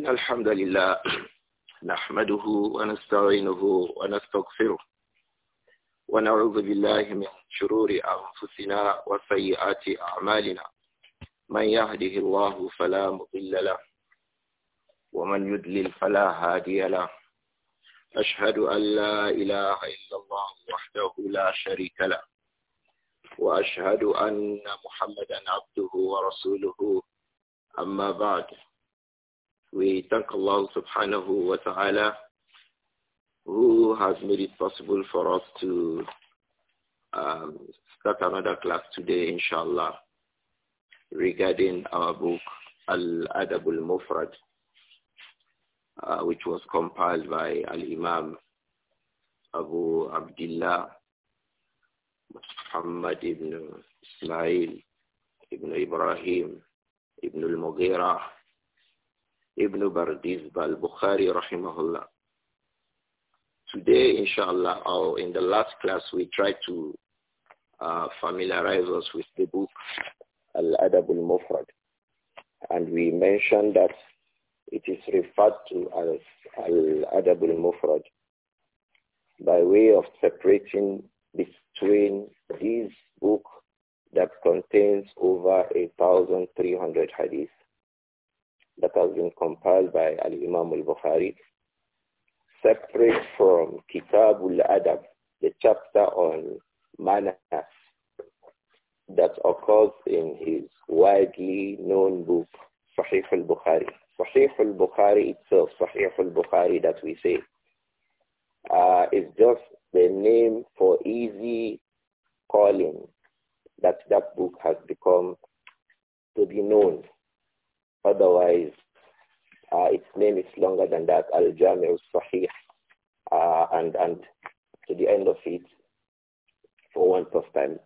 إن الحمد لله نحمده ونستعينه ونستغفره ونعوذ بالله من شرور أنفسنا وسيئات أعمالنا من يهده الله فلا مضل له ومن يدلل فلا هادي له أشهد أن لا إله إلا الله وحده لا شريك له وأشهد أن محمدا عبده ورسوله أما بعد We thank Allah subhanahu wa ta'ala who has made it possible for us to um, start another class today, inshallah, regarding our book, Al-Adabul Mufrad, uh, which was compiled by Al-Imam Abu Abdullah Muhammad ibn Ismail ibn Ibrahim ibn al-Mughirah Ibn al-Bukhari rahimahullah. Today, inshallah, or in the last class, we tried to uh, familiarize us with the book Al-Adab al-Mufrad. And we mentioned that it is referred to as Al-Adab al-Mufrad by way of separating between this book that contains over 1,300 hadiths that has been compiled by Al-Imam al-Bukhari, separate from Kitabul adab the chapter on manners that occurs in his widely known book, Sahih al-Bukhari. Sahih al-Bukhari itself, Sahih al-Bukhari that we say, uh, is just the name for easy calling that that book has become to be known Otherwise, uh, its name is longer than that, Al-Jami' al-Sahih, uh, and, and to the end of it, for one of time,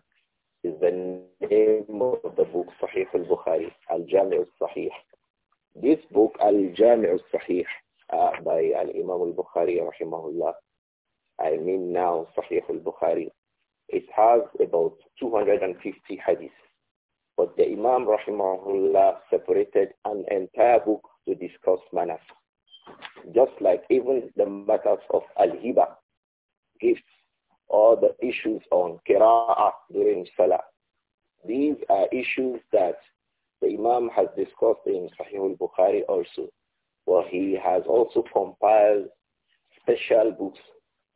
is the name of the book Sahih al-Bukhari, Al-Jami' al-Sahih. This book, Al-Jami' al-Sahih, uh, by Al-Imam al-Bukhari, rahimahullah, I mean now Sahih al-Bukhari, it has about 250 hadiths. But the Imam Rahimahullah separated an entire book to discuss manners. Just like even the matters of al-hiba, gifts, or the issues on kira'ah during salah. These are issues that the Imam has discussed in Sahih al-Bukhari also, where he has also compiled special books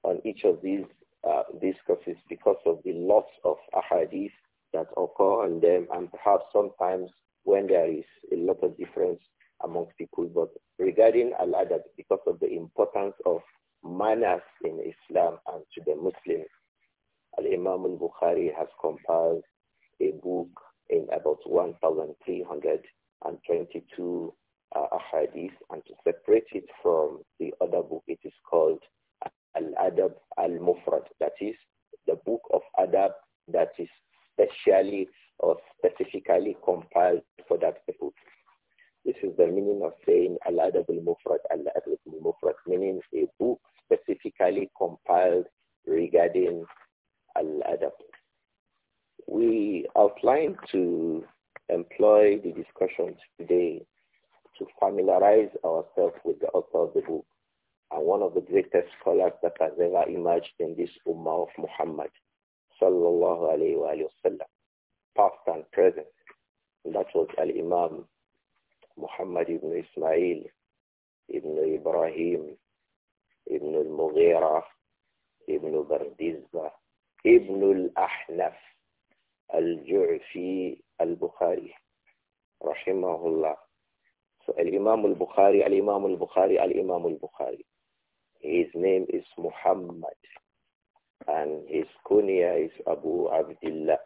on each of these uh, discourses because of the loss of ahadith that occur on them and perhaps sometimes when there is a lot of difference amongst people. But regarding al-adab, because of the importance of manners in Islam and to the Muslims, Al-Imam al-Bukhari has compiled a book in about 1,322 uh, ahadith and to separate it from the other book, it is called Al-Adab al-Mufrad. That is the book of adab that is specially or specifically compiled for that purpose. This is the meaning of saying Al-Adab al-Mufrad, Al-Adab al-Mufrad, meaning a book specifically compiled regarding Al-Adab. We outline to employ the discussion today to familiarize ourselves with the author of the book and one of the greatest scholars that has ever emerged in this Ummah of Muhammad, sallallahu alayhi wa, sallam, past and present. And that was Al-Imam Muhammad ibn Ismail ibn Ibrahim ibn al-Mughira ibn Bardizba ibn al-Ahnaf al-Ju'fi al-Bukhari rahimahullah. So al-Imam al-Bukhari, al-Imam al-Bukhari, al-Imam al-Bukhari. His name is Muhammad and his kunya is Abu Abdullah.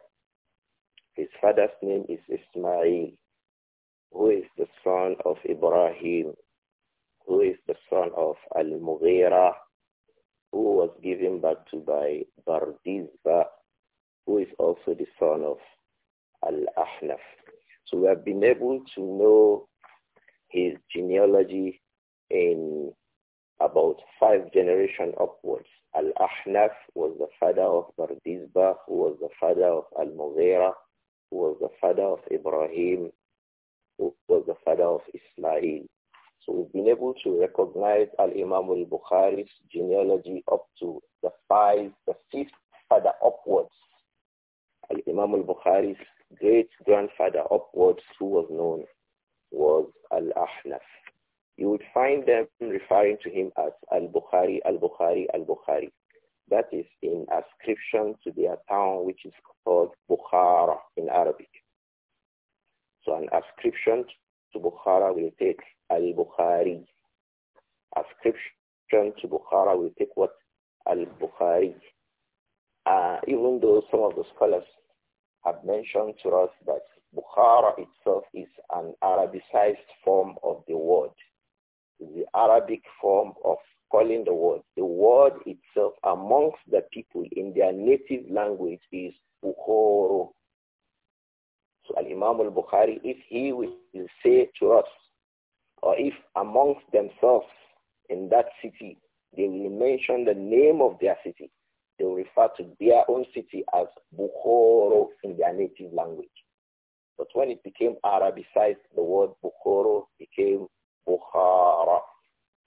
His father's name is Ismail, who is the son of Ibrahim, who is the son of Al-Mughira, who was given back to by Bardizba, who is also the son of Al-Ahnaf. So we have been able to know his genealogy in about five generations upwards. Al-Ahnaf was the father of Bardizbah, who was the father of Al-Mughira, who was the father of Ibrahim, who was the father of Ismail. So we've been able to recognize Al-Imam al-Bukhari's genealogy up to the five, the fifth father upwards. Al-Imam al-Bukhari's great-grandfather upwards, who was known, was Al-Ahnaf you would find them referring to him as Al-Bukhari, Al-Bukhari, Al-Bukhari. That is in ascription to their town, which is called Bukhara in Arabic. So an ascription to Bukhara will take Al-Bukhari. Ascription to Bukhara will take what? Al-Bukhari. Uh, even though some of the scholars have mentioned to us that Bukhara itself is an Arabicized form of the word the Arabic form of calling the word. The word itself amongst the people in their native language is Bukhoro. So Al-Imam al-Bukhari, if he will say to us, or if amongst themselves in that city, they will mention the name of their city. They will refer to their own city as Bukhoro in their native language. But when it became Arabicized, the word Bukhoro became Bukhara.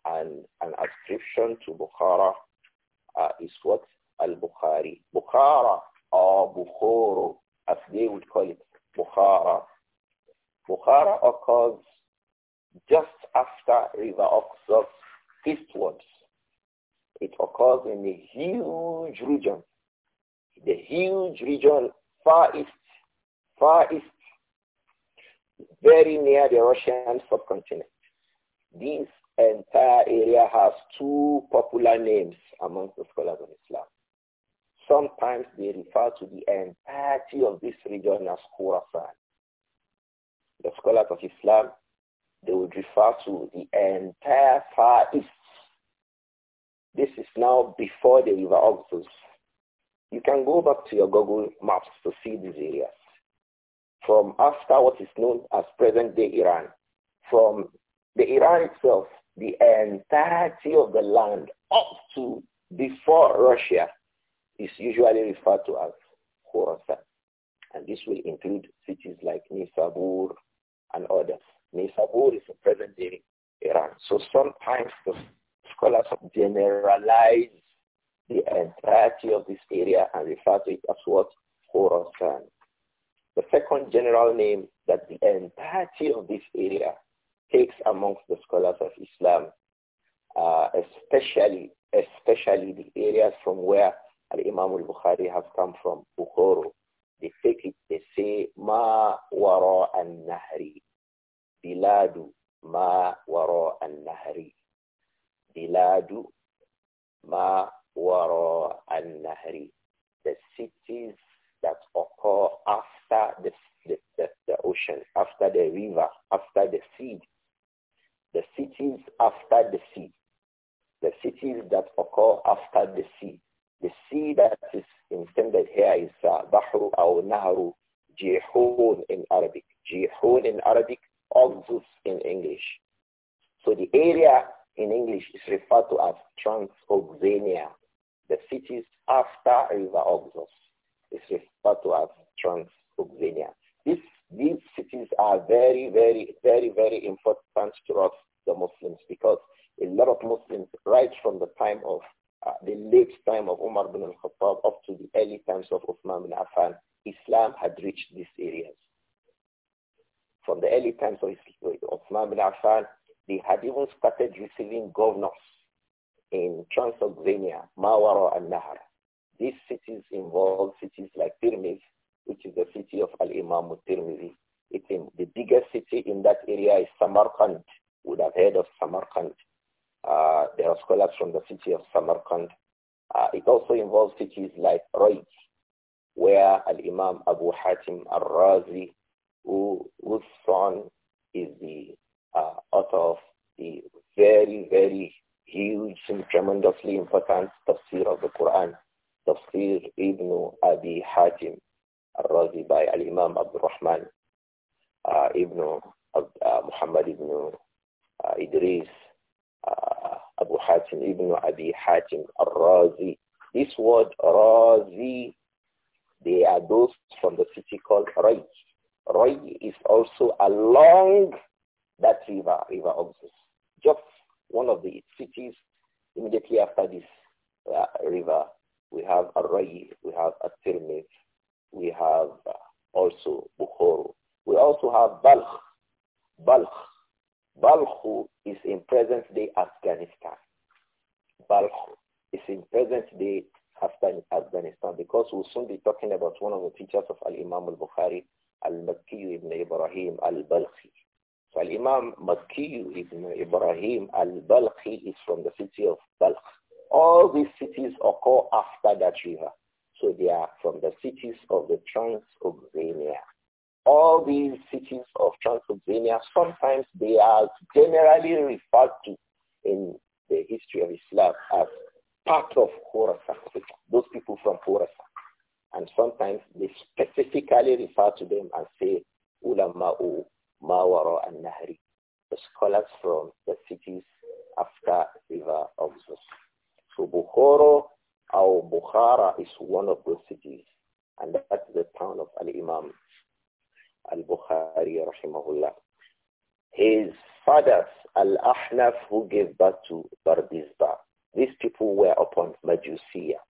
And an ascription to Bukhara uh, is what? Al-Bukhari. Bukhara or Bukhoro, as they would call it, Bukhara. Bukhara occurs just after River Oxus eastwards. It occurs in a huge region, the huge region far east, far east, very near the Russian subcontinent. This entire area has two popular names amongst the scholars of Islam. Sometimes they refer to the entirety of this region as Khurasan. The scholars of Islam, they would refer to the entire Far East. This is now before the River Oxus. You can go back to your Google Maps to see these areas. From after what is known as present-day Iran, from the Iran itself, the entirety of the land up to before Russia is usually referred to as Khorasan. And this will include cities like Nisabur and others. Nisabur is the present-day Iran. So sometimes the scholars generalize the entirety of this area and refer to it as what? Khorasan. The second general name that the entirety of this area takes amongst the scholars of Islam, uh, especially especially the areas from where Al Imam al Bukhari has come from, Bukhoro. They take it, they say Ma Wara an Nahri. Biladu Ma Wara an Nahri. Biladu Ma Wara an Nahri. The cities that occur after the, the, the, the ocean, after the river, after the sea, the cities after the sea, the cities that occur after the sea. The sea that is intended here is uh, Bahru or Nahru, Jihun in Arabic, Jihun in Arabic, Oxus in English. So the area in English is referred to as Transoxania. The cities after River Oxus is referred to as Transoxania. these cities are very, very, very, very important to us the Muslims because a lot of Muslims right from the time of uh, the late time of Umar bin al-Khattab up to the early times of Uthman bin Affan, Islam had reached these areas. From the early times of Uthman bin Affan, they had even started receiving governors in Transylvania, Mawara and Nahar. These cities involve cities like Tirmiz, which is the city of Al-Imam al-Tirmizi. It's in, the biggest city in that area is Samarkand, would have heard of Samarkand. Uh, there are scholars from the city of Samarkand. Uh, it also involves cities like Roy, where Al-Imam Abu Hatim al-Razi, who, whose son is the uh, author of the very, very huge and tremendously important tafsir of the Quran, Tafsir Ibn Abi Hatim al-Razi by Al-Imam Abdul Rahman uh, Ibn uh, Muhammad Ibn uh, Idris, uh, Abu Hatim, Ibn Abi Hatim, Razi. This word Razi, they are those from the city called Rai. Rai is also along that river, River Oxus. Just one of the cities immediately after this uh, river, we have Array, we have Atirmith, we have uh, also Bukhoro. We also have Balkh. Balkh Balkh is in present-day Afghanistan. Balkh is in present-day Afghanistan because we'll soon be talking about one of the teachers of Al-Imam al-Bukhari, Al-Makki ibn Ibrahim al-Balkhi. So Al-Imam Makki ibn Ibrahim al-Balkhi is from the city of Balkh. All these cities occur after that river. So they are from the cities of the Transoxania all these cities of Transylvania, sometimes they are generally referred to in the history of Islam as part of Khorasan, those people from Khorasan. And sometimes they specifically refer to them and say, Ulama'u Mawara and Nahri, the scholars from the cities after river of Zos. So Bukhara or Bukhara is one of those cities. And that's the town of Al-Imam al-Bukhari rahimahullah. His fathers, Al-Ahnaf, who gave birth to Bardizba, these people were upon Majusiya,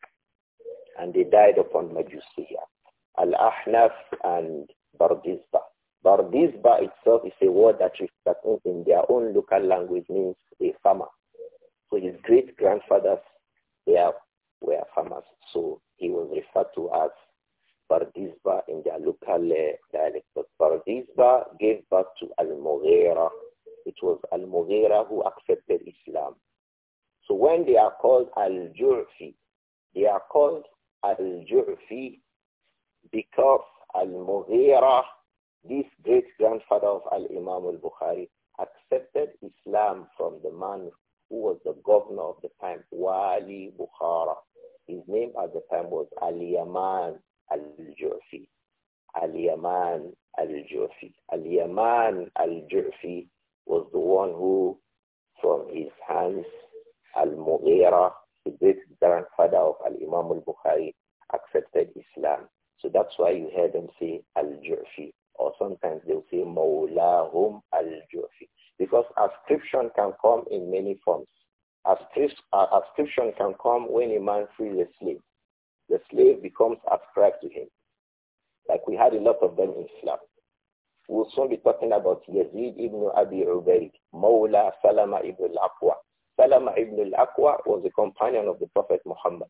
and they died upon Majusiya. Al-Ahnaf and Bardizba. Bardizba itself is a word that, in their own local language means a farmer. So his great-grandfathers they were farmers. So he was referred to as Bardizba in their local uh, dialect. But Bardizba gave birth to Al-Mughira. It was Al-Mughira who accepted Islam. So when they are called Al-Jurfi, they are called Al-Jurfi because Al-Mughira, this great-grandfather of Al-Imam al-Bukhari, accepted Islam from the man who was the governor of the time, Wali Bukhara. His name at the time was Ali Yaman al-Jufi, Al-Yaman al-Jufi. Al-Yaman al-Jufi was the one who, from his hands, Al-Mughira, the great-grandfather of Al-Imam al-Bukhari, accepted Islam. So that's why you hear them say Al-Jufi. Or sometimes they'll say Mawlahum al-Jufi. Because ascription can come in many forms. Uh, ascription can come when a man frees a slave the slave becomes ascribed to him. Like we had a lot of them in Islam. We'll soon be talking about Yazid ibn Abi Ubaid, Mawla Salama ibn al-Aqwa. Salama ibn al-Aqwa was a companion of the Prophet Muhammad.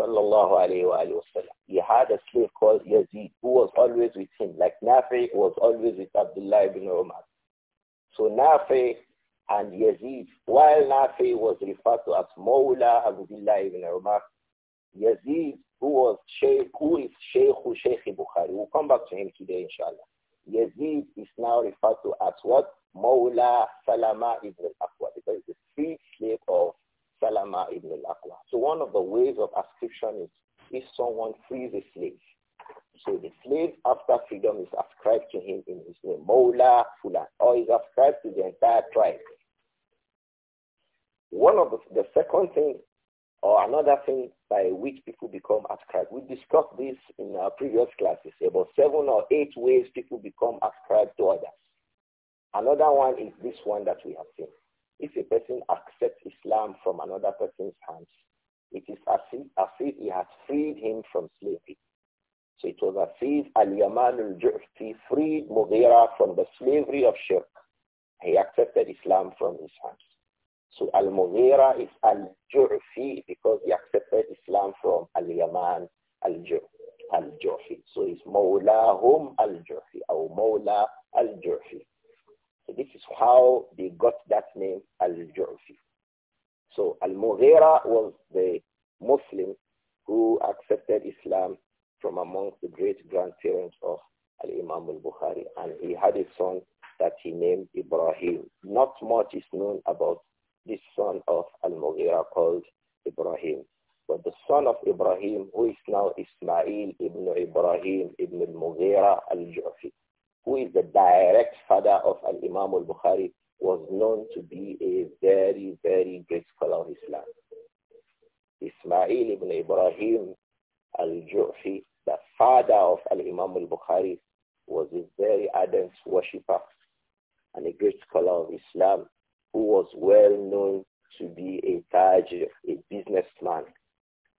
Sallallahu alayhi wa, He had a slave called Yazid who was always with him. Like Nafi was always with Abdullah ibn Umar. So Nafi and Yazid, while Nafi was referred to as Mawla Abdullah ibn Umar, Yazid, who was Sheikh, who is Sheikh Sheikh Bukhari. We'll come back to him today, inshallah. Yazid is now referred to as what? Mawla Salama ibn al-Aqwa, because it's the free slave of Salama ibn al-Aqwa. So one of the ways of ascription is if someone frees a slave. So the slave after freedom is ascribed to him in his name, Mawla Fulan, or is ascribed to the entire tribe. One of the, the second thing or another thing by which people become ascribed. We discussed this in our previous classes, about seven or eight ways people become ascribed to others. Another one is this one that we have seen. If a person accepts Islam from another person's hands, it is as if, as if he has freed him from slavery. So it was as if Al-Yaman al freed Mughira from the slavery of shirk. He accepted Islam from his hands. So Al-Mughira is Al-Ju'fi because he accepted Islam from Al-Yaman, Al-Ju'fi. Al so it's Mawlahum Al-Ju'fi or Mawla Al-Ju'fi. So this is how they got that name Al-Ju'fi. So Al-Mughira was the Muslim who accepted Islam from among the great grandparents of Al-Imam al-Bukhari. And he had a son that he named Ibrahim. Not much is known about this son of Al-Mughira called Ibrahim. But the son of Ibrahim, who is now Ismail ibn Ibrahim ibn al-Mughira al-Ju'fi, who is the direct father of Al-Imam al-Bukhari, was known to be a very, very great scholar of Islam. Ismail ibn Ibrahim al-Ju'fi, the father of Al-Imam al-Bukhari, was a very ardent worshipper and a great scholar of Islam who was well known to be a tajir, a businessman.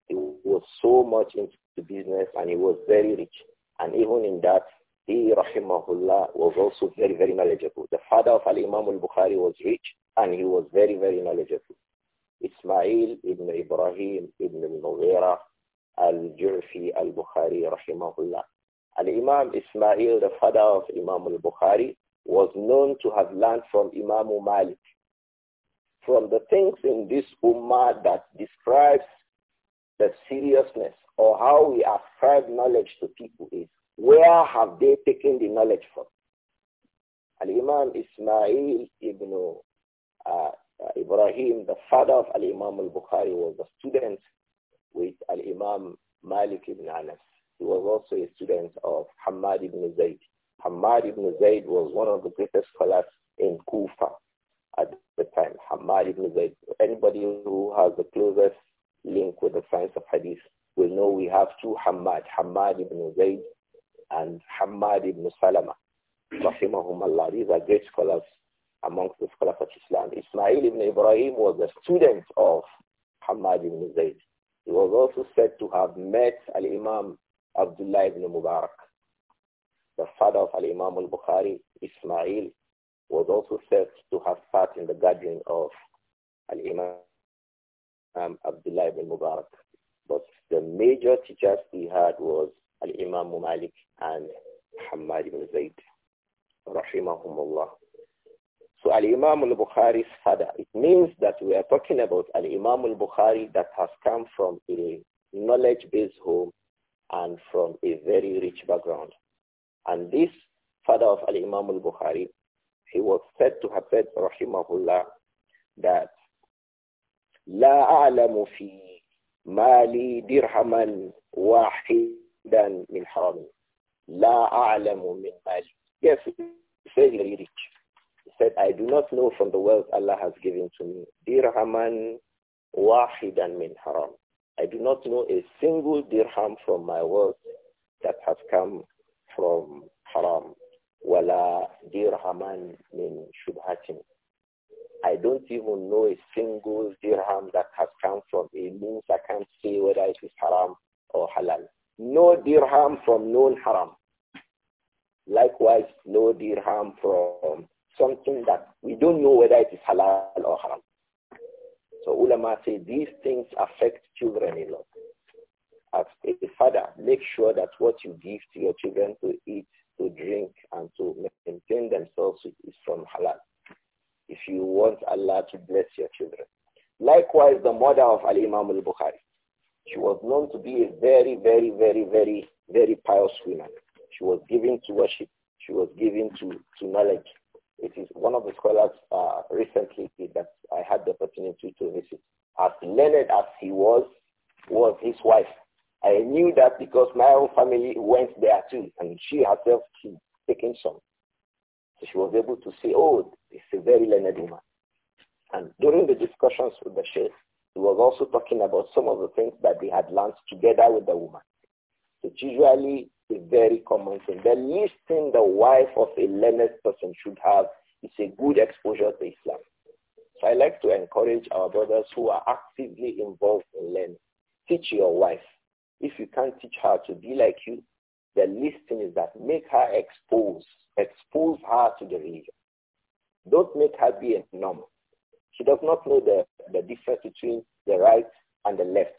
He was so much into business and he was very rich. And even in that, he, rahimahullah, was also very, very knowledgeable. The father of Al-Imam al-Bukhari was rich and he was very, very knowledgeable. Ismail ibn Ibrahim ibn al-Mughira al-Jurfi al-Bukhari, rahimahullah. Al-Imam Ismail, the father of Imam al-Bukhari, was known to have learned from Imam Malik from the things in this ummah that describes the seriousness or how we ascribe knowledge to people is where have they taken the knowledge from? Al-Imam Ismail ibn uh, uh Ibrahim, the father of Al-Imam al-Bukhari, was a student with Al-Imam Malik ibn Anas. He was also a student of Hamad ibn Zayd. Hamad ibn Zayd was one of the greatest scholars in Kufa at the time. Hamad ibn Zayd. Anybody who has the closest link with the science of hadith will know we have two Hamad, Hamad ibn Zayd and Hamad ibn Salama. Rahimahumullah. These are great scholars amongst the scholars of Islam. Ismail ibn Ibrahim was a student of Hamad ibn Zayd. He was also said to have met Al-Imam Abdullah ibn Mubarak, the father of Al-Imam al-Bukhari, Ismail was also said to have part in the gathering of Al-Imam Abdullah ibn Mubarak. But the major teachers he had was Al-Imam Malik and Hamad ibn Zayd. Rahimahumullah. So Al-Imam al-Bukhari's father, it means that we are talking about Al-Imam al-Bukhari that has come from a knowledge-based home and from a very rich background. And this father of Al-Imam al-Bukhari he was said to have said, rahimahullah, that لا أعلم في مالي درهما واحدا من حرام لا أعلم من مالي Yes, he said he rich. He said, I do not know from the wealth Allah has given to me. Dirhaman واحدا من حرام. I do not know a single dirham from my wealth that has come from haram. وَلَا دِرْهَمًا مِنْ شُبْهَةٍ I don't even know a single dirham that has come from a means I can't say whether it is haram or halal. No dirham from known haram. Likewise, no dirham from something that we don't know whether it is halal or haram. So ulama say these things affect children a lot. As a father, make sure that what you give to your children to eat to drink and to maintain themselves is from halal. If you want Allah to bless your children. Likewise, the mother of Ali imam al-Bukhari. She was known to be a very, very, very, very, very pious woman. She was given to worship. She was given to, to knowledge. It is one of the scholars uh, recently that I had the opportunity to visit. As learned as he was, was his wife. I knew that because my own family went there too, and she herself too, taking some. So she was able to say, oh, it's a very learned woman. And during the discussions with the sheikh, he was also talking about some of the things that they had learned together with the woman. It's usually a very common thing. The least thing the wife of a learned person should have is a good exposure to Islam. So I like to encourage our brothers who are actively involved in learning. Teach your wife if you can't teach her to be like you, the least thing is that make her expose, expose her to the religion. Don't make her be a norm. She does not know the, the difference between the right and the left.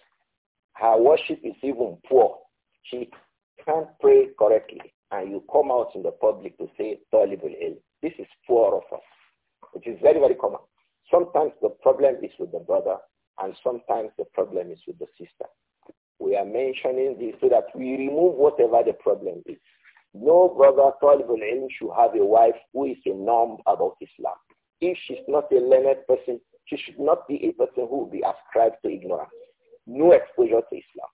Her worship is even poor. She can't pray correctly. And you come out in the public to say, This is poor of us. It is very, very common. Sometimes the problem is with the brother and sometimes the problem is with the sister. We are mentioning this so that we remove whatever the problem is. No brother Talibul Ilm should have a wife who is a norm about Islam. If she's not a learned person, she should not be a person who will be ascribed to ignorance. No exposure to Islam.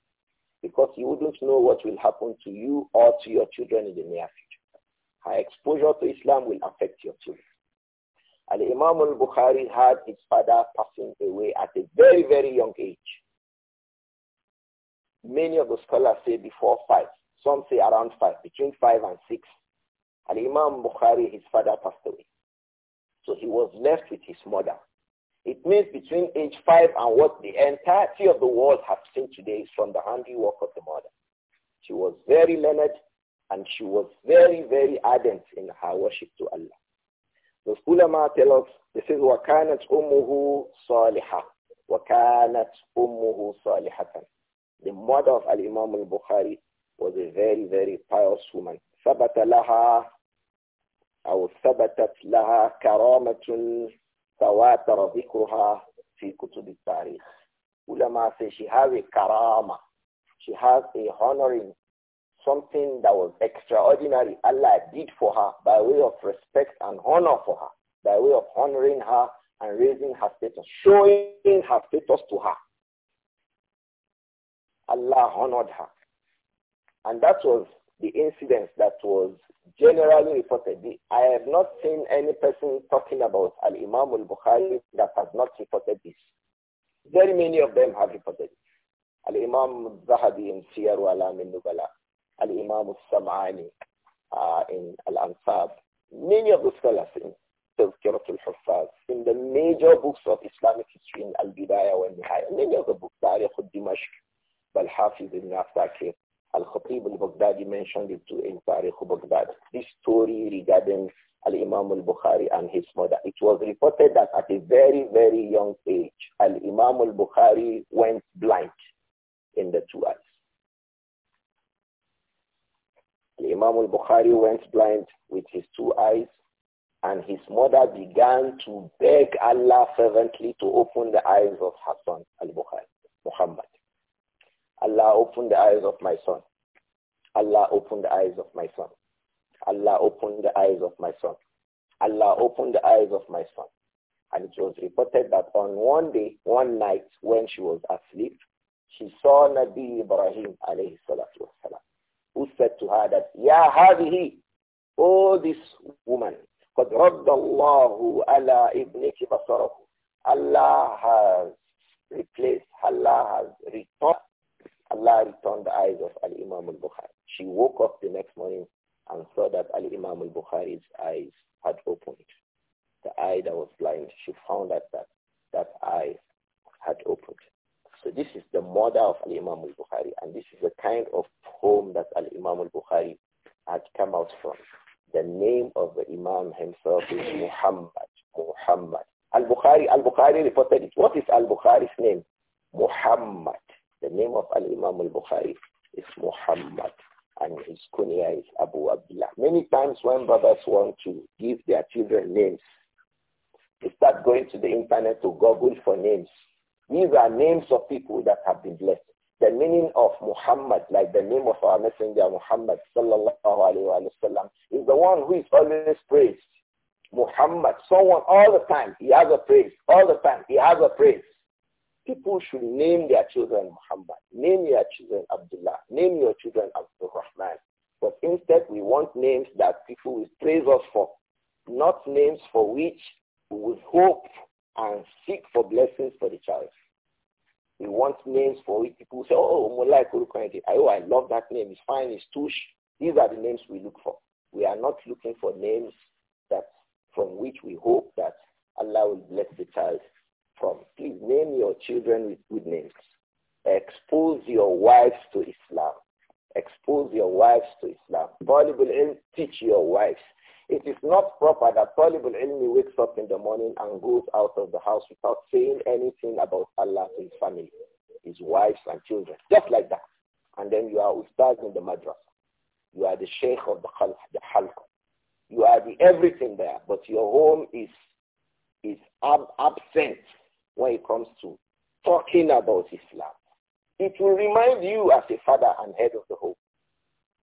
Because you wouldn't know what will happen to you or to your children in the near future. Her exposure to Islam will affect your children. Al-Imam al-Bukhari had his father passing away at a very, very young age. Many of the scholars say before five. Some say around five, between five and six. And Imam Bukhari, his father passed away. So he was left with his mother. It means between age five and what the entirety of the world has seen today is from the handiwork of the mother. She was very learned and she was very, very ardent in her worship to Allah. The of tell us, they say, وَكَانَتْ أُمُّهُ صَالِحَةً وَكَانَتْ أُمُّهُ صَالِحَةً the mother of Al-Imam al-Bukhari was a very, very pious woman. ثبت لها أو ثبتت لها كرامة تواتر ذكرها في كتب التاريخ. Ulama say she has a karama. She has a honoring, something that was extraordinary Allah did for her by way of respect and honor for her, by way of honoring her and raising her status, showing her status to her. Allah honored her. And that was the incident that was generally reported. I have not seen any person talking about Al-Imam al-Bukhari that has not reported this. Very many of them have reported it. Al-Imam al-Zahabi in Siyar wa Alam al-Nubala, Al-Imam al-Sam'ani uh, in Al-Ansab. Many of the scholars in Tazkiratul huffaz in the major books of Islamic history in Al-Bidayah wa Nihaya, many of the books, Tariq al-Dimashq, Al-Hafiz ibn Asakir, Al-Khatib al-Baghdadi mentioned it too in Tariq Baghdad. This story regarding Al-Imam al-Bukhari and his mother. It was reported that at a very, very young age, Al-Imam al-Bukhari went blind in the two eyes. Al-Imam al-Bukhari went blind with his two eyes and his mother began to beg Allah fervently to open the eyes of Hassan al-Bukhari, Muhammad. Allah open the eyes of my son. Allah open the eyes of my son. Allah open the eyes of my son. Allah open the eyes of my son. And it was reported that on one day, one night, when she was asleep, she saw Nabi Ibrahim alayhi salatu wasalam, who said to her that, Ya hadihi, oh this woman, قد رد الله على ابنك بصره. Allah has replaced, Allah has returned Allah returned the eyes of Al-Imam al-Bukhari. She woke up the next morning and saw that Ali imam al-Bukhari's eyes had opened. The eye that was blind, she found that that that eye had opened. So this is the mother of Ali imam al-Bukhari, and this is the kind of home that Ali imam al-Bukhari had come out from. The name of the Imam himself is Muhammad. Muhammad. Al-Bukhari, Al-Bukhari reported it. What is Al-Bukhari's name? Muhammad. The name of Al-Imam al-Bukhari is Muhammad and his kunya is Abu Abdullah. Many times when brothers want to give their children names, they start going to the internet to Google for names. These are names of people that have been blessed. The meaning of Muhammad, like the name of our messenger Muhammad sallallahu alaihi wasallam, is the one who is always praised. Muhammad, someone all the time, he has a praise. All the time, he has a praise. People should name their children Muhammad, name your children Abdullah, name your children Abdul Rahman. But instead, we want names that people will praise us for, not names for which we would hope and seek for blessings for the child. We want names for which people say, oh, oh, I love that name. It's fine. It's tush. These are the names we look for. We are not looking for names that from which we hope that Allah will bless the child from. Please name your children with good names. Expose your wives to Islam. Expose your wives to Islam. Talibul ilm, teach your wives. It is not proper that Talibul ilm wakes up in the morning and goes out of the house without saying anything about Allah to his family, his wives and children. Just like that. And then you are Ustaz in the madrasa. You are the sheikh of the khalq, the halq. You are the everything there, but your home is is ab absent when it comes to talking about Islam. It will remind you as a father and head of the home.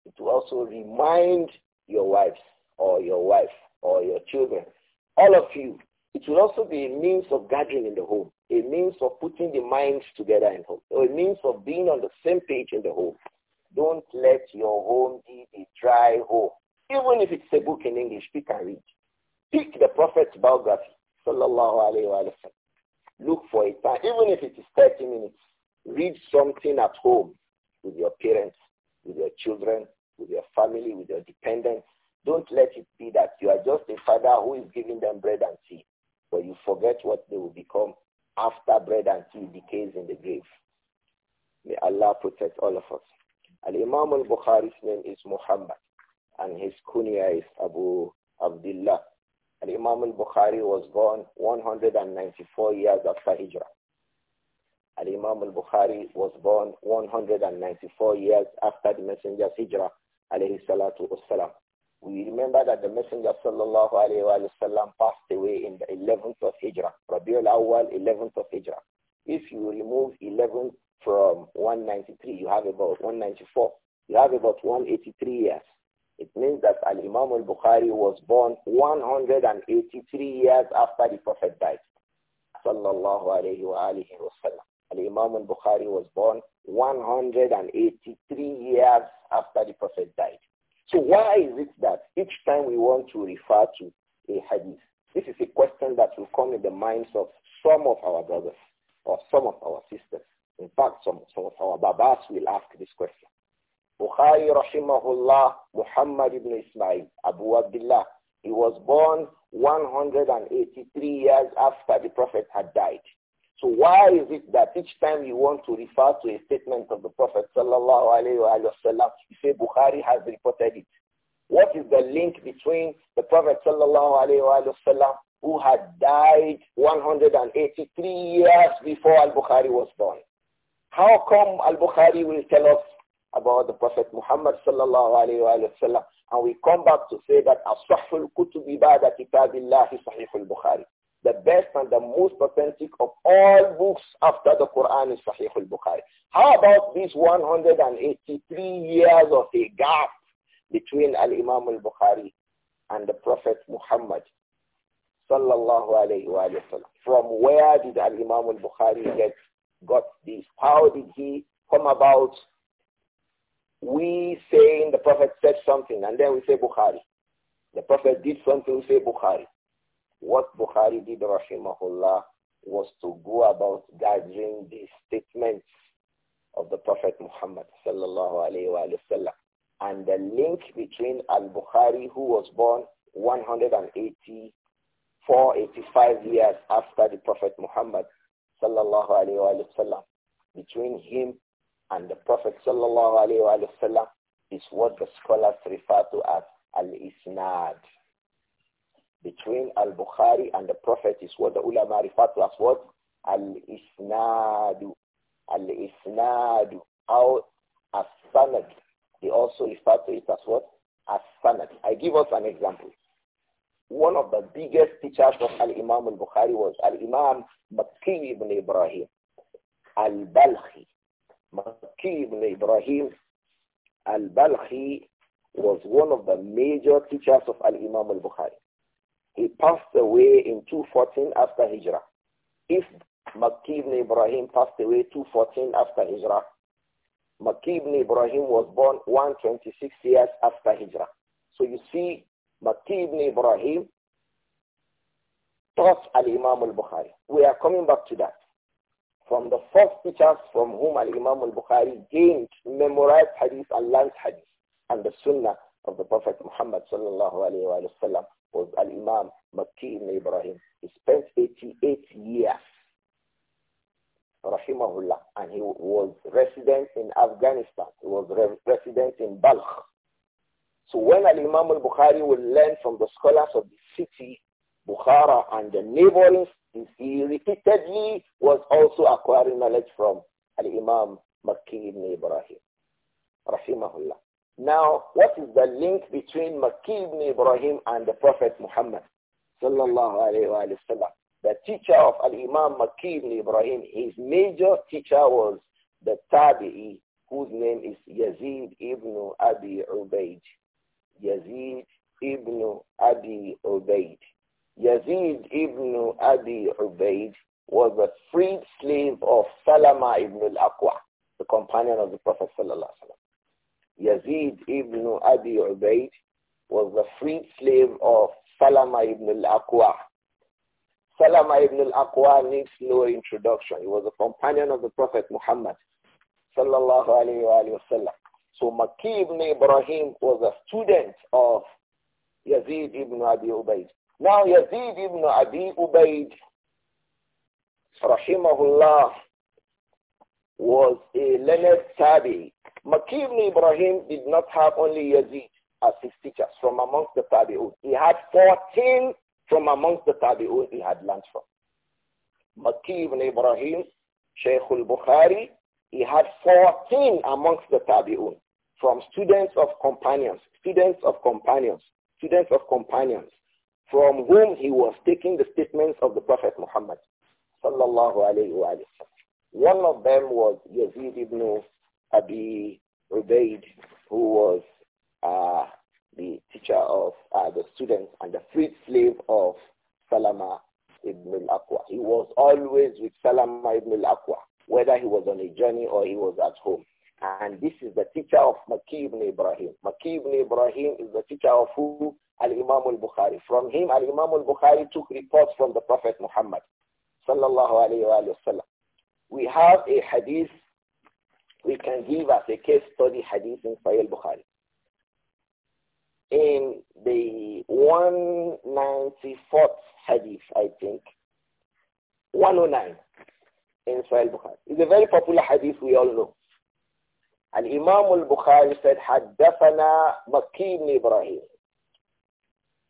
It will also remind your wives or your wife or your children, all of you. It will also be a means of gathering in the home, a means of putting the minds together in home, or a means of being on the same page in the home. Don't let your home be a dry home. Even if it's a book in English, pick and read. Pick the Prophet's biography, sallallahu alayhi wa sallam. Look for a time, even if it is 30 minutes, read something at home with your parents, with your children, with your family, with your dependents. Don't let it be that you are just a father who is giving them bread and tea, but you forget what they will become after bread and tea decays in the grave. May Allah protect all of us. Al-Imam al-Bukhari's name is Muhammad, and his kunya is Abu Abdullah. Al-Imam al-Bukhari was born 194 years after Hijrah. And imam al-Bukhari was born 194 years after the Messenger's Hijrah, alayhi salatu wassalam. We remember that the Messenger sallallahu alayhi wa sallam passed away in the 11th of Hijrah, Rabiul Awwal, 11th of Hijrah. If you remove 11 from 193, you have about 194. You have about 183 years. It means that Al-Imam al-Bukhari was born 183 years after the Prophet died. Sallallahu alayhi wa wa sallam. Al-Imam al-Bukhari was born 183 years after the Prophet died. So why is it that each time we want to refer to a hadith, this is a question that will come in the minds of some of our brothers or some of our sisters. In fact, some, some of our babas will ask this question. Bukhari rahimahullah Muhammad ibn Ismail Abu Abdullah. He was born 183 years after the Prophet had died. So why is it that each time you want to refer to a statement of the Prophet sallallahu alayhi wa sallam, you say Bukhari has reported it? What is the link between the Prophet sallallahu alayhi wa sallam who had died 183 years before Al-Bukhari was born? How come Al-Bukhari will tell us about the Prophet Muhammad sallallahu alayhi wa sallam. And we come back to say that as-sahful kutubi kitabillahi sahihul Bukhari. The best and the most authentic of all books after the Quran is Sahih al-Bukhari. How about these 183 years of a gap between al-Imam al-Bukhari and the Prophet Muhammad sallallahu alayhi wa sallam. From where did al-Imam al-Bukhari get got this? How did he come about we saying the Prophet said something, and then we say Bukhari. The Prophet did something, we say Bukhari. What Bukhari did, rahimahullah, was to go about gathering the statements of the Prophet Muhammad sallallahu alayhi wa sallam. And the link between al-Bukhari, who was born 184, 85 years after the Prophet Muhammad sallallahu alayhi wa sallam, between him and the Prophet sallallahu alaihi wasallam is what the scholars refer to as al-isnad. Between al-Bukhari and the Prophet is what the ulama refer to as what? Al-isnadu. Al-isnadu. How as-sanad. They also refer to it as what? As-sanad. I give us an example. One of the biggest teachers of Al-Imam al-Bukhari was Al-Imam Makki ibn Ibrahim al-Balkhi Maki ibn Ibrahim al-Balkhi was one of the major teachers of Al-Imam al-Bukhari. He passed away in 214 after Hijrah. If Maki ibn Ibrahim passed away 214 after Hijrah, Maki ibn Ibrahim was born 126 years after Hijrah. So you see, Maki ibn Ibrahim taught Al-Imam al-Bukhari. We are coming back to that from the first teachers from whom Al-Imam al-Bukhari gained memorized hadith and learned hadith and the sunnah of the Prophet Muhammad sallallahu alayhi wa was Al-Imam Makki ibn Ibrahim. He spent 88 years, rahimahullah, and he was resident in Afghanistan. He was re resident in Balkh. So when Al-Imam al-Bukhari would learn from the scholars of the city Bukhara and the neighboring he repeatedly was also acquiring knowledge from Al-Imam Makki ibn Ibrahim, rahimahullah. Now, what is the link between Makki ibn Ibrahim and the Prophet Muhammad, sallallahu alayhi wa, The teacher of Al-Imam Makki ibn Ibrahim, his major teacher was the Tabi'i, whose name is Yazid ibn Abi Ubaid. Yazid ibn Abi Ubaid. Yazid ibn Abi Ubaid was a freed slave of Salama ibn al-Aqwa, the companion of the Prophet Yazid ibn Abi Ubaid was the freed slave of Salama ibn al-Aqwa. Salama ibn al-Aqwa needs no introduction. He was a companion of the Prophet Muhammad sallallahu alayhi wa So Makki ibn Ibrahim was a student of Yazid ibn Abi Ubaid. Now Yazid ibn Abi Ubaid, rahimahullah, was a learned Tabi. Maki ibn Ibrahim did not have only Yazid as his teachers from amongst the Tabi'un. He had 14 from amongst the Tabi'un he had learned from. Maki ibn Ibrahim, Sheikh al-Bukhari, he had 14 amongst the Tabi'un from students of companions, students of companions, students of companions from whom he was taking the statements of the Prophet Muhammad. Sallallahu alayhi wa One of them was Yazid ibn Abi Ubaid, who was uh, the teacher of uh, the students and the freed slave of Salama ibn al-Aqwa. He was always with Salama ibn al-Aqwa, whether he was on a journey or he was at home. And this is the teacher of Maki ibn Ibrahim. Maki ibn Ibrahim is the teacher of who? Al-Imam al-Bukhari. From him, Al-Imam al-Bukhari took reports from the Prophet Muhammad. Sallallahu alayhi wa, sallam. We have a hadith we can give as a case study hadith in Sahih bukhari In the 194th hadith, I think, 109 in Sahih bukhari It's a very popular hadith we all know. الإمام البخاري سيد حدثنا مكي بن إبراهيم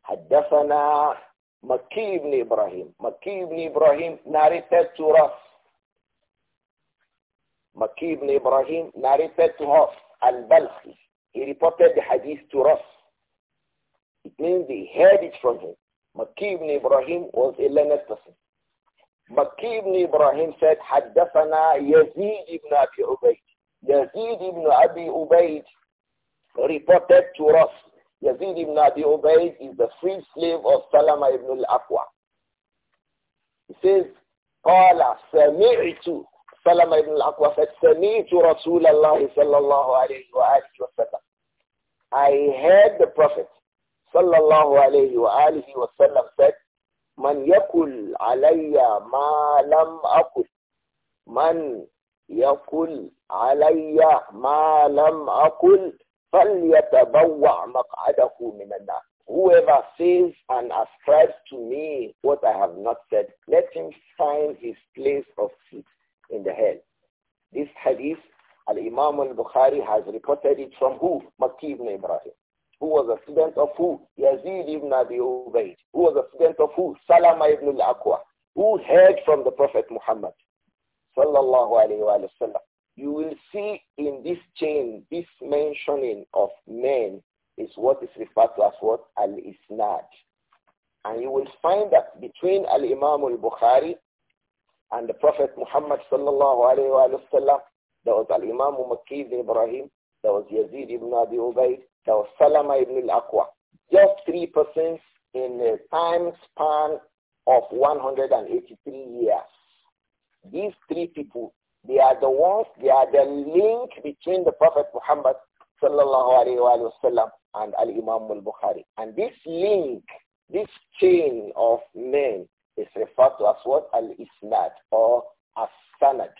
حدثنا مكي بن إبراهيم مكي بن إبراهيم narrated تراث مكي بن إبراهيم narrated to البلخي he reported the hadith to us it means he heard it from him مكي بن إبراهيم was a learned person مكي بن إبراهيم said حدثنا يزيد بن أبي عبيد Yazid ibn Abi Ubaid reported to us. Yazid ibn Abi Ubaid is the free slave of Salama ibn al-Aqwa. He says, قال سمعت سلمة بن الأقوى said سمعت رسول الله صلى الله عليه وآله وسلم I heard the Prophet صلى الله عليه وآله وسلم said ma lam علي Man." يقل علي ما لم أقل فليتبوع مقعده من النار Whoever says and ascribes to me what I have not said, let him find his place of seat in the hell. This hadith, Al-Imam al-Bukhari has reported it from who? Makki ibn Ibrahim. Who was a student of who? Yazid ibn Abi Ubaid. Who was a student of who? Salama ibn al-Aqwa. Who heard from the Prophet Muhammad sallallahu alayhi wa sallam, you will see in this chain, this mentioning of men is what is referred to as what? Al-Isnad. And you will find that between Al-Imam al-Bukhari and the Prophet Muhammad sallallahu alayhi wa sallam, there was Al-Imam Makki ibn Ibrahim, there was Yazid ibn Abi Ubaid, there was Salama ibn al-Aqwa. Just three persons in a time span of 183 years. These three people, they are the ones, they are the link between the Prophet Muhammad sallallahu alaihi wasallam and Al-Imam al-Bukhari. And this link, this chain of men is referred to as what? Al-Isnad or As-Sanad.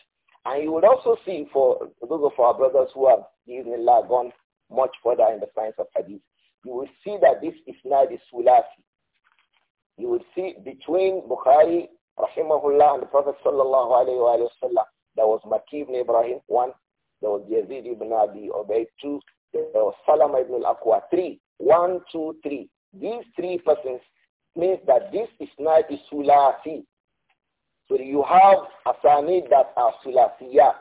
And you would also see for those of our brothers who have even gone much further in the science of hadith, you will see that this Isnad is Sulasi. You will see between Bukhari Rahimahullah and the Prophet sallallahu alayhi wa sallam. There was Maki ibn Ibrahim, one. There was Yazid ibn Abi Ubaid, two. There was Salama ibn al-Aqwa, three. One, two, three. These three persons means that this is not is sulasi. So you have asanid that are sulasiyat.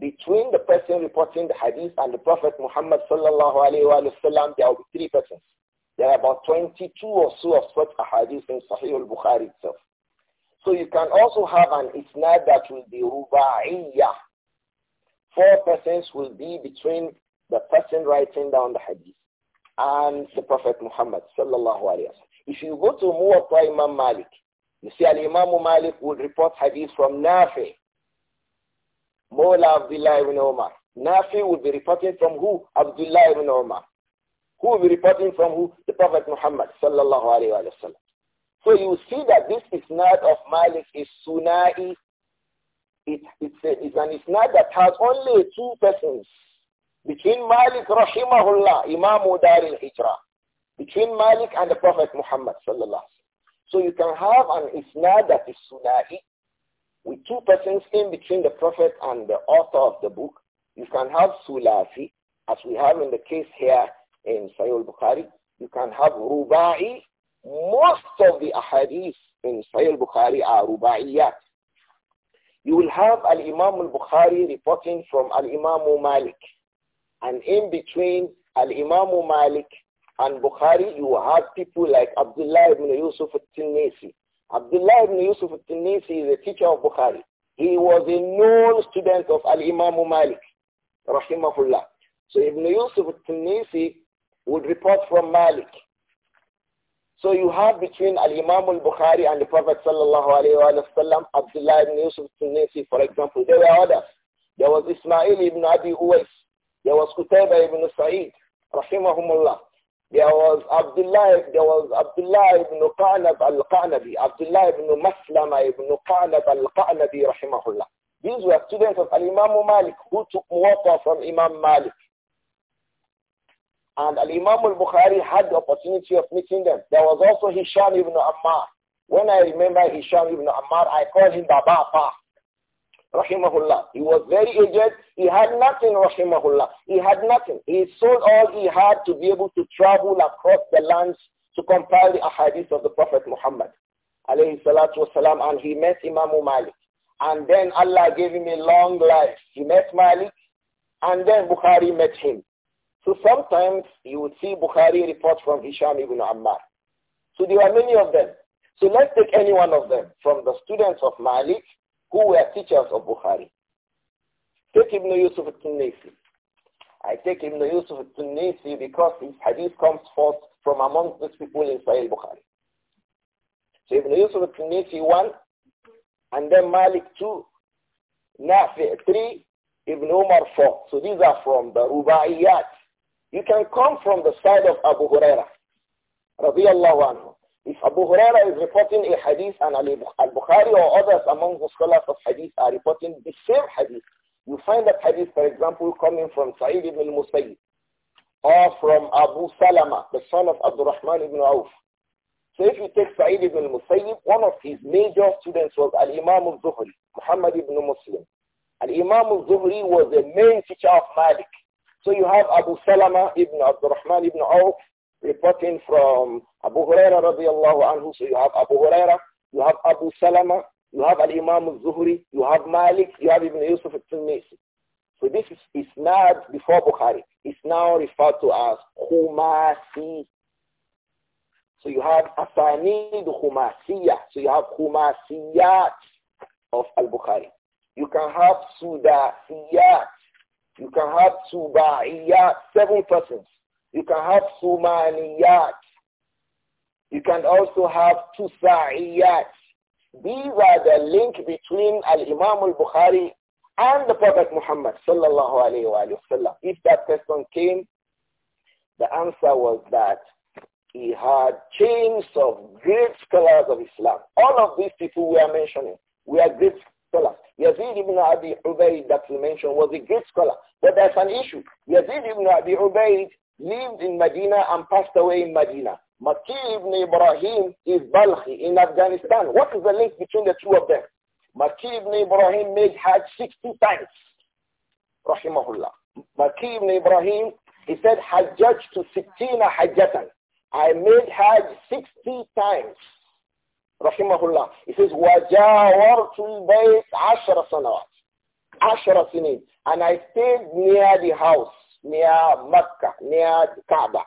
Between the person reporting the hadith and the Prophet Muhammad sallallahu alayhi wa sallam, there will be three persons. There are about 22 or so of such ahadith in Sahih al-Bukhari itself. So you can also have an isnad that will be rubaiyah. Four persons will be between the person writing down the hadith and the Prophet Muhammad sallallahu alaihi wasallam. If you go to Muwatta Imam Malik, you see Al-Imam Malik would report hadith from Nafi, Mawla Abdullah ibn Umar. Nafi would be reporting from who? Abdullah ibn Umar. Who will be reporting from who? The Prophet Muhammad sallallahu alaihi wasallam. So you see that this isnad of Malik is Sunai. It, it's, a, it's an isnad that has only two persons. Between Malik, rahimahullah, Imam Udar al-Hijra. Between Malik and the Prophet Muhammad sallallahu So you can have an isnad that is Sunai with two persons in between the prophet and the author of the book. You can have Sulafi, as we have in the case here in Sahih al-Bukhari. You can have Rubai, most of the ahadith in Sahih bukhari are rubaiyat. You will have Al-Imam al-Bukhari reporting from Al-Imam Malik. And in between Al-Imam Malik and Bukhari, you have people like Abdullah ibn Yusuf al-Tinnisi. Abdullah ibn Yusuf al-Tinnisi is a teacher of Bukhari. He was a known student of Al-Imam Malik, rahimahullah. So Ibn Yusuf al-Tinnisi would report from Malik. So you have between Al-Imam al-Bukhari and the Prophet sallallahu alayhi wa sallam, Abdullah ibn Yusuf Tunisi, for example. There were others. There was Ismail ibn Abi Uwais. There was Qutayba ibn Sa'id, rahimahumullah. There was Abdullah, there was Abdullah ibn Qanab al-Qanabi, Abdullah ibn Maslama ibn Qanab al-Qanabi, rahimahullah. These were students of Al-Imam Malik, who took water from Imam Malik. And imam al-Bukhari had the opportunity of meeting them. There was also Hisham ibn Ammar. When I remember Hisham ibn Ammar, I called him Baba Pa. Rahimahullah. He was very aged. He had nothing, Rahimahullah. He had nothing. He sold all he had to be able to travel across the lands to compile the ahadith of the Prophet Muhammad. Alayhi salatu wasalam. And he met Imam Malik. And then Allah gave him a long life. He met Malik. And then Bukhari met him. So sometimes you would see Bukhari reports from Hisham ibn Ammar. So there are many of them. So let's take any one of them from the students of Malik who were teachers of Bukhari. Take Ibn Yusuf al-Tunisi. I take Ibn Yusuf al-Tunisi because his hadith comes forth from among those people in Sahih Bukhari. So Ibn Yusuf al-Tunisi one, and then Malik two, Nafi three, Ibn Umar four. So these are from the Rubaiyat you can come from the side of Abu Huraira, anhu. If Abu Huraira is reporting a hadith and Al-Bukhari or others among the scholars of hadith are reporting the same hadith, you find that hadith, for example, coming from Sa'id ibn al-Musayyib or from Abu Salama, the son of Abdurrahman ibn Auf. So if you take Sa'id ibn al-Musayyib, one of his major students was Al-Imam al-Zuhri, Muhammad ibn Muslim. Al-Imam al-Zuhri was the main teacher of Malik. So you have Abu Salama ibn Abdurrahman ibn Auf reporting from Abu Huraira radiallahu anhu. So you have Abu Huraira, you have Abu Salama, you have Al-Imam al-Zuhri, you have Malik, you have Ibn Yusuf al-Tunisi. So this is Isnad before Bukhari. It's now referred to as Khumasi. So you have Asanid Khumasiya. So you have Khumasiyat of Al-Bukhari. You can have Sudasiyat you can have subaiyat, seven persons. You can have sumaniyat. You can also have tusa'iyat. These are the link between Al-Imam al-Bukhari and the Prophet Muhammad sallallahu alayhi wa sallam. If that person came, the answer was that he had chains of great scholars of Islam. All of these people we are mentioning were great scholar. Yazid ibn Abi Ubaid that we mentioned was a great scholar. But there's an issue. Yazid ibn Abi Ubaid lived in Medina and passed away in Medina. Maki ibn Ibrahim is Balkhi in Afghanistan. What is the link between the two of them? Maki ibn Ibrahim made Hajj 60 times. Rahimahullah. Maki ibn Ibrahim, he said, Hajjaj to sixteen Hajjatan. I made Hajj 60 times. Rahimahullah. He says, وَجَاوَرْتُ الْبَيْتِ عَشَرَ سَنَوَاتِ عَشَرَ سِنِينَ And I stayed near the house, near Mecca, near the Kaaba,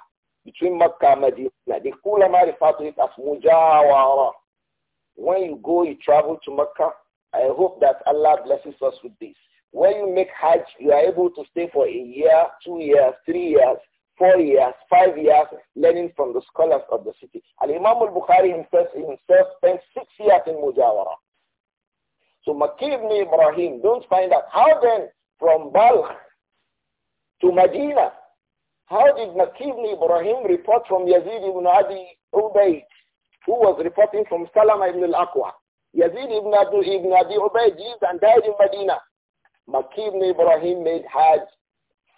between Mecca and Medina. The Kulama refer to it as Mujawara. When you go, you travel to Mecca. I hope that Allah blesses us with this. When you make Hajj, you are able to stay for a year, two years, three years, four years, five years learning from the scholars of the city. And imam al-Bukhari himself, himself spent six years in Mujawara. So Makki ibn Ibrahim, don't find out how then from Balkh to Medina, how did Makki ibn Ibrahim report from Yazid ibn Adi Ubaid, who was reporting from Salama ibn al-Aqwa? Yazid ibn, Adi ibn Abi Ubaid lived and died in Medina. Makki ibn Ibrahim made Hajj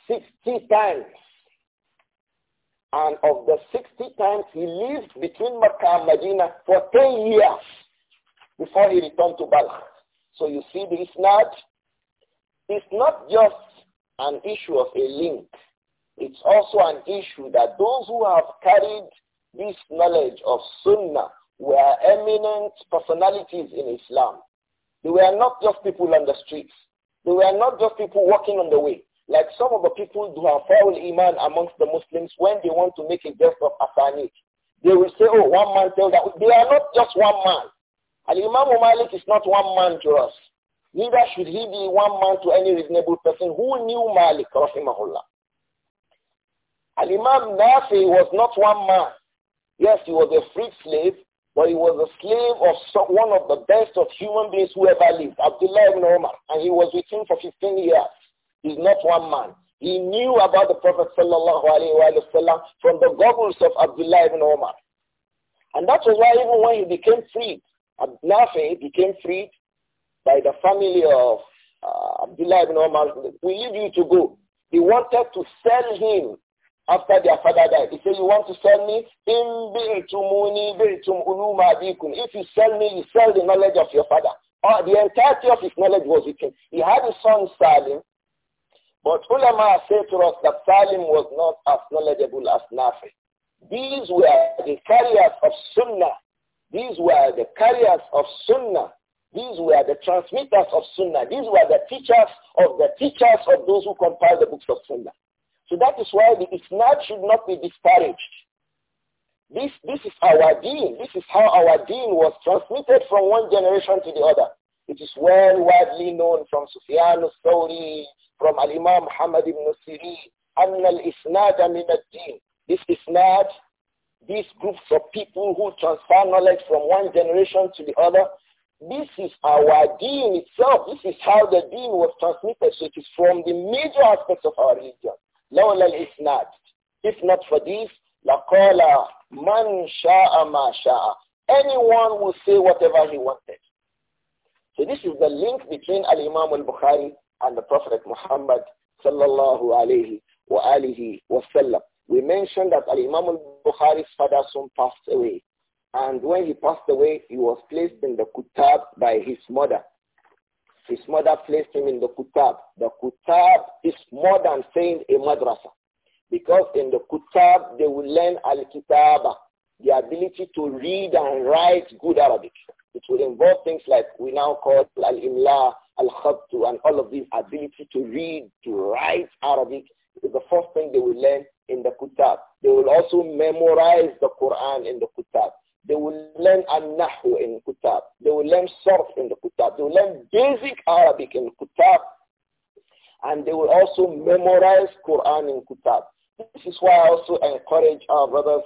60 times and of the 60 times he lived between Mecca and Medina for 10 years before he returned to Balkh. So you see it's not, it's not just an issue of a link. It's also an issue that those who have carried this knowledge of Sunnah were eminent personalities in Islam. They were not just people on the streets. They were not just people walking on the way. Like some of the people who have fallen iman amongst the Muslims, when they want to make a guest of Asanid, they will say, oh, one man tell that. They are not just one man. And Imam Malik is not one man to us. Neither should he be one man to any reasonable person who knew Malik, rahimahullah. And Imam Nafi was not one man. Yes, he was a freed slave, but he was a slave of one of the best of human beings who ever lived, Abdullah ibn Omar, and he was with him for 15 years. He's not one man. He knew about the Prophet sallallahu from the goggles of Abdullah ibn Omar. And that was why even when he became freed, Nafi became freed by the family of uh, Abdullah ibn Omar, we leave you to go. He wanted to sell him after their father died. He said, you want to sell me? If you sell me, you sell the knowledge of your father. Uh, the entirety of his knowledge was with him. He had a son, Salim, but ulama said to us that Salim was not as knowledgeable as Nafi. These were the carriers of Sunnah. These were the carriers of Sunnah. These were the transmitters of Sunnah. These were the teachers of the teachers of those who compiled the books of Sunnah. So that is why the Isnad should not be disparaged. This, this is our deen. This is how our deen was transmitted from one generation to the other. It is well widely known from Sufyan al-Thawri from Al-Imam Muhammad ibn Siri, أن الإسناد al الدين. This isnad, these groups of people who transfer knowledge from one generation to the other, this is our deen itself. This is how the deen was transmitted. So it is from the major aspects of our religion. al Isnad. If not for this, laqala man شاء ما Anyone will say whatever he wanted. So this is the link between Al-Imam al-Bukhari and the Prophet Muhammad sallallahu alayhi wa alihi wasallam. We mentioned that Al-Imam al-Bukhari's father soon passed away. And when he passed away, he was placed in the kutab by his mother. His mother placed him in the kutab. The kutab is more than saying a madrasa. Because in the kutab, they will learn al-kitaba, the ability to read and write good Arabic. It will involve things like we now call al-imla, al and all of these ability to read, to write Arabic is the first thing they will learn in the Kutab. They will also memorize the Quran in the Kutab. They will learn An-Nahu in Kutab. They will learn Surf in the Kutab. They will learn basic Arabic in Kutab. And they will also memorize Quran in Kutab. This is why I also encourage our brothers,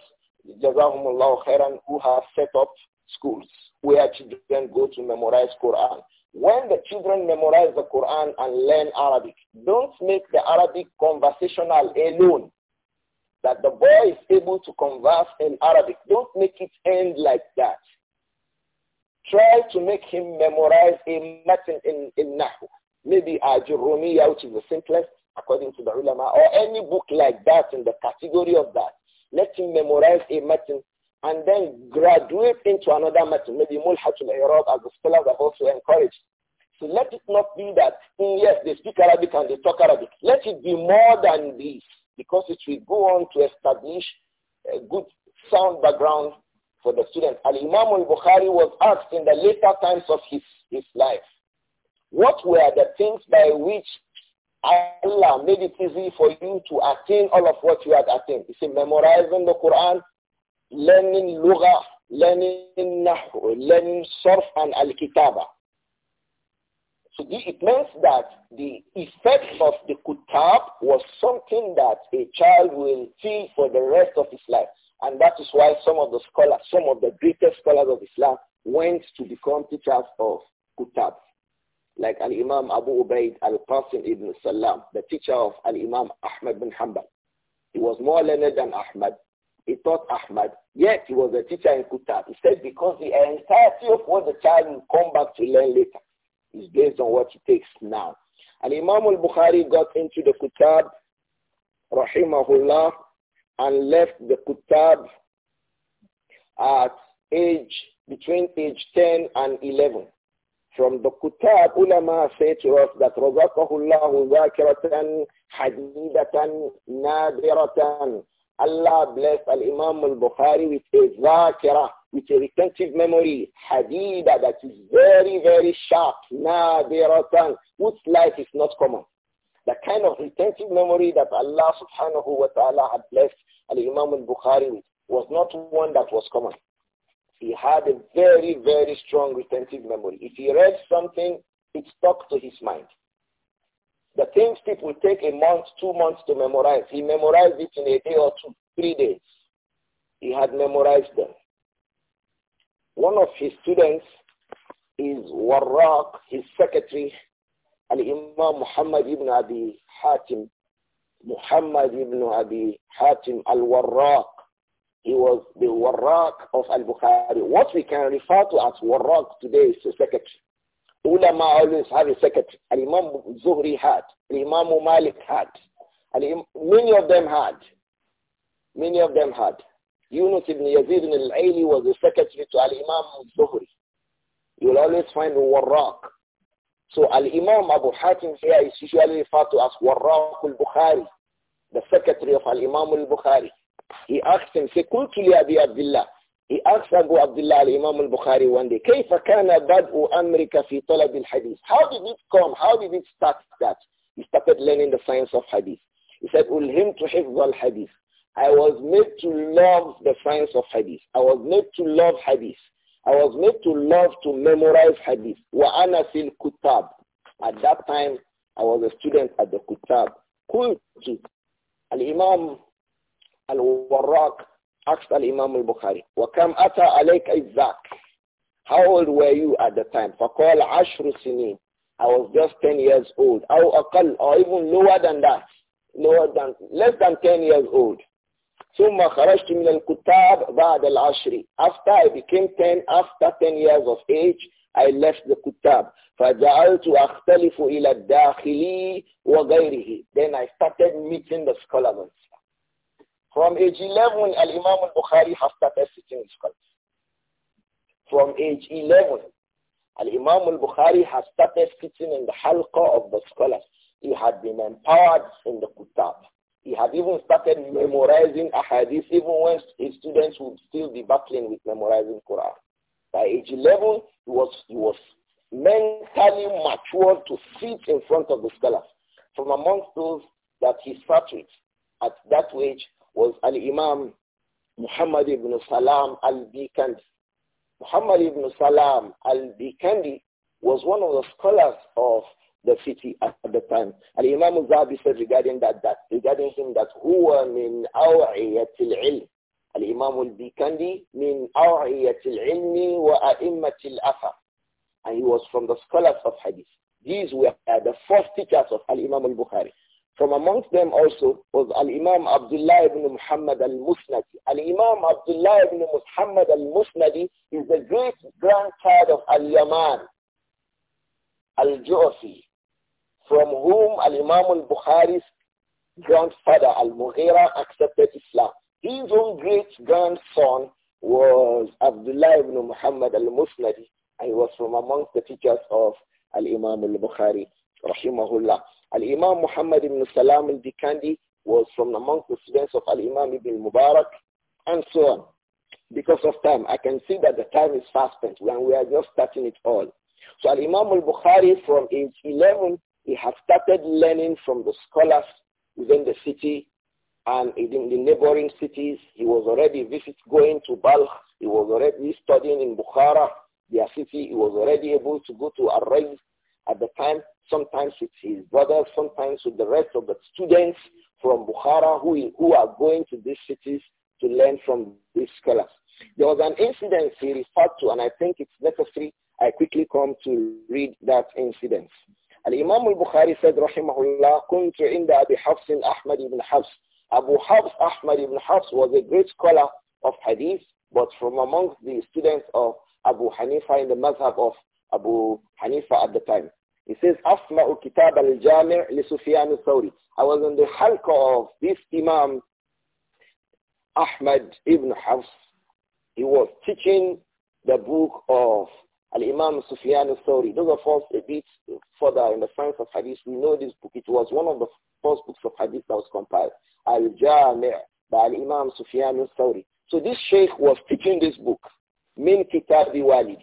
Jazahumullah Khairan, who have set up schools where children go to memorize Quran. When the children memorize the Quran and learn Arabic, don't make the Arabic conversational alone. That the boy is able to converse in Arabic. Don't make it end like that. Try to make him memorize a matin in, in Nahu. Maybe Ajurumiyya, which is the simplest, according to the ulama, or any book like that in the category of that. Let him memorize a matin and then graduate into another matter. maybe mulhatul iraq as the scholars have also encouraged. So let it not be that, mm, yes, they speak Arabic and they talk Arabic. Let it be more than this because it will go on to establish a good sound background for the student. Al-Imam al-Bukhari was asked in the later times of his, his life, what were the things by which Allah made it easy for you to attain all of what you had attained? He said, memorizing the Quran, learning Luga, learning nahu, learning surf and al-kitaba. So the, it means that the effect of the kutab was something that a child will feel for the rest of his life. And that is why some of the scholars, some of the greatest scholars of Islam went to become teachers of kutab. Like Al-Imam Abu Ubaid Al-Qasim ibn Salam, the teacher of Al-Imam Ahmad bin Hanbal. He was more learned than Ahmad, he taught Ahmad, yet he was a teacher in Kutab. He said because the entirety of what the child will come back to learn later is based on what he takes now. And Imam al-Bukhari got into the Kutab, rahimahullah, and left the Kutab at age, between age 10 and 11. From the Kutab, ulama say to us that رَزَقَهُ اللَّهُ ذَاكِرَةً حَدِيدَةً نَادِرَةً Allah bless Al-Imam al-Bukhari with a zakira, with a retentive memory, hadida that is very, very sharp, nadiratan, whose life is not common. The kind of retentive memory that Allah subhanahu wa ta'ala had blessed Al-Imam al-Bukhari with was not one that was common. He had a very, very strong retentive memory. If he read something, it stuck to his mind. The things people take a month, two months to memorize, he memorized it in a day or two, three days. He had memorized them. One of his students is Warraq, his secretary, Al-Imam Muhammad ibn Abi Hatim. Muhammad ibn Abi Hatim al-Warraq. He was the Warraq of al-Bukhari. What we can refer to as Warraq today is the secretary. Ulama always have a secretary. And Imam Zuhri had. And Imam Malik had. And many of them had. Many of them had. Yunus ibn Yazid ibn al-Aili was the secretary to Al-Imam Zuhri. You'll always find Warraq. So Al-Imam Abu Hatim here is usually referred to as Warraq al-Bukhari, the secretary of Al-Imam al-Bukhari. He asked him, say, قلت لأبي عبد Abdullah?" He asked Abu Abdullah imam al-Bukhari one day, كيف كان بدء أمرك في طلب الحديث? How did it come? How did it start that? He started learning the science of hadith. He said, ألهمت حفظ الحديث. I was made to love the science of hadith. I was made to love hadith. I was made to love to memorize hadith. وَأَنَا fil kutub. At that time, I was a student at the Kutub. قلت الإمام الوراق Asked al-Imam al-Bukhari, وَكَمْ أَتَى عَلَيْكَ إِذَّاكَ How old were you at the time? فَقَالَ عَشْرُ سِنِينَ I was just 10 years old. أو أقل, or even lower than that. Lower than, less than 10 years old. ثم خرجت من الكتاب بعد العشر. After I became 10, after 10 years of age, I left the kutab. فجعلت أختلف إلى الداخلي وغيره. Then I started meeting the scholars. From age 11, Al-Imam al-Bukhari has started sitting with scholars. From age 11, Al-Imam al-Bukhari has started sitting in the halqa of the scholars. He had been empowered in the kutab. He had even started memorizing ahadith even when his students would still be battling with memorizing Quran. By age 11, he was, he was mentally mature to sit in front of the scholars. From amongst those that he sat with at that age was Al-Imam Muhammad ibn Salam al-Bikandi. Muhammad ibn Salam al-Bikandi was one of the scholars of the city at the time. Al-Imam Zabi said regarding that, that regarding him that huwa min aw'iyatil ilm. Al-Imam al-Bikandi min aw'iyatil ilm wa a'immatil afar. And he was from the scholars of hadith. These were the first teachers of Al-Imam al-Bukhari. From amongst them also was Al-Imam Abdullah ibn Muhammad al-Musnadi. Al-Imam Abdullah ibn Muhammad al-Musnadi is the great grandchild of Al-Yaman, al-Ju'fi, from whom Al-Imam al-Bukhari's grandfather Al-Mughira accepted Islam. His own great grandson was Abdullah ibn Muhammad al-Musnadi and he was from amongst the teachers of Al-Imam al-Bukhari, rahimahullah. Al-Imam Muhammad ibn Salam al-Dikandi was from among the students of Al-Imam ibn Mubarak and so on. Because of time, I can see that the time is fast spent when we are just starting it all. So Al-Imam al-Bukhari from age 11, he had started learning from the scholars within the city and in the neighboring cities. He was already visit going to Balkh. He was already studying in Bukhara, their city. He was already able to go to Array at the time sometimes with his brothers, sometimes with the rest of the students from Bukhara who, who are going to these cities to learn from these scholars. There was an incident he referred to, and I think it's necessary I quickly come to read that incident. Al-Imam al-Bukhari said, Rahimahullah, kuntu عند أبي Hafs Ahmad ibn Hafs. Abu Hafs Ahmad ibn Hafs was a great scholar of hadith, but from amongst the students of Abu Hanifa in the mazhab of Abu Hanifa at the time. He says, أَسْمَعُ كِتَابَ الْجَامِعِ لِسُفِيَانِ الثَّوْرِ I was on the halqa of this Imam Ahmad ibn Hafs. He was teaching the book of Al-Imam Sufyan al-Thawri. Those of us a bit further in the science of Hadith, we know this book. It was one of the first books of Hadith that was compiled. Al-Jami' by Al-Imam Sufyan al-Thawri. So this sheikh was teaching this book, Min Kitab Walidi.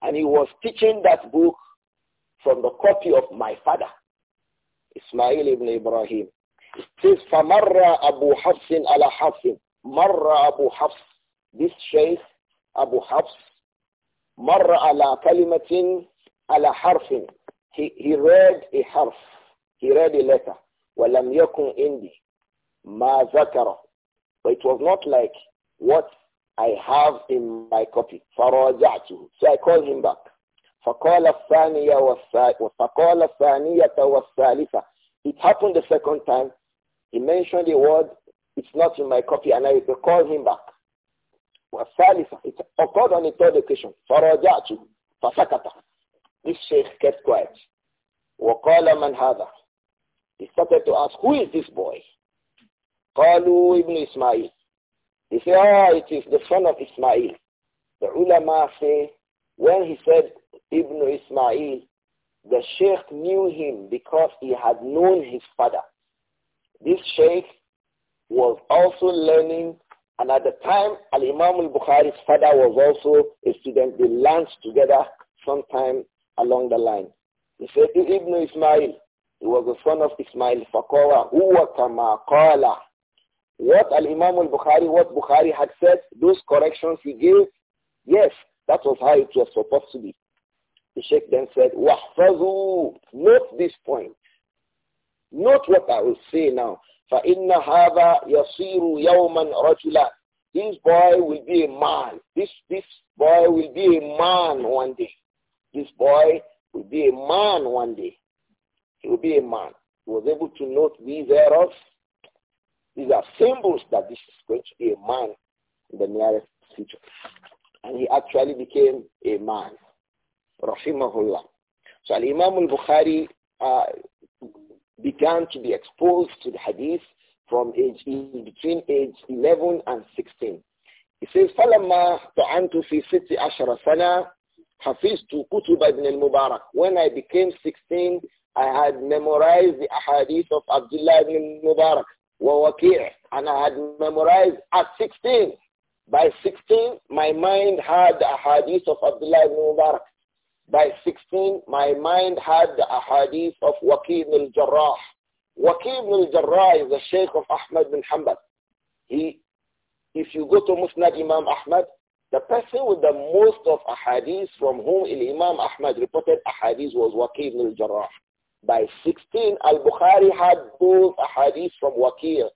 And he was teaching that book from the copy of my father, Ismail ibn Ibrahim. It says, فَمَرَّ Abu Hafs ala Hafsin, Marra Abu Hafs. This Shaykh, Abu Hafs, Marra ala كَلِمَةٍ ala حَرْفٍ he, he read a harf. He read a letter. Walam يَكُنْ إِنْدِي مَا ذَكَرَ But it was not like what I have in my copy. So I called him back. فقال الثانية الثانية والثالثة. It happened the second time. He mentioned the word, it's not in my copy, and I recall him back. والثالثة. It occurred on the third occasion. فرجعت فسكت. This sheikh kept quiet. وقال من هذا? He started to ask, who is this boy? قالوا ابن إسماعيل. He said, ah, it is the son of Ismail. The ulama say, when he said Ibn Ismail, the sheikh knew him because he had known his father. This sheikh was also learning and at the time Al-Imam al-Bukhari's father was also a student. They learned together sometime along the line. He said to Ibn Ismail, he was the son of Ismail Fakawa, huwa kama qala. What Al-Imam al-Bukhari, what Bukhari had said, those corrections he gave, yes, that was how it was supposed to be. The Sheikh then said, Wahfazu, note this point. Note what I will say now. فَإِنَّ هَذَا يَصِيرُ يَوْمًا رَجُلًا This boy will be a man. This, this boy will be a man one day. This boy will be a man one day. He will be a man. He was able to note these errors. These are symbols that this is going to be a man in the nearest future. And he actually became a man rahimahullah. So Al Imam Al Bukhari uh, began to be exposed to the Hadith from age between age 11 and 16. He says, فَلَمَّا طَعَنْتُ فِي سِتِّ عَشَرَ حَفِظْتُ كُتُبَ ابْنِ الْمُبَارَكِ When I became 16, I had memorized the hadith of Abdullah ibn Mubarak وَوَكِيعِ And I had memorized at 16. By 16, my mind had the hadith of Abdullah ibn Mubarak. By 16, my mind had the ahadith of Waqi al-Jarrah. Waqi al-Jarrah is the Sheikh of Ahmad bin Hanbal. He, if you go to Musnad Imam Ahmad, the person with the most of ahadith from whom Imam Ahmad reported ahadith was Waqi al-Jarrah. By 16, Al-Bukhari had both ahadith from Waqi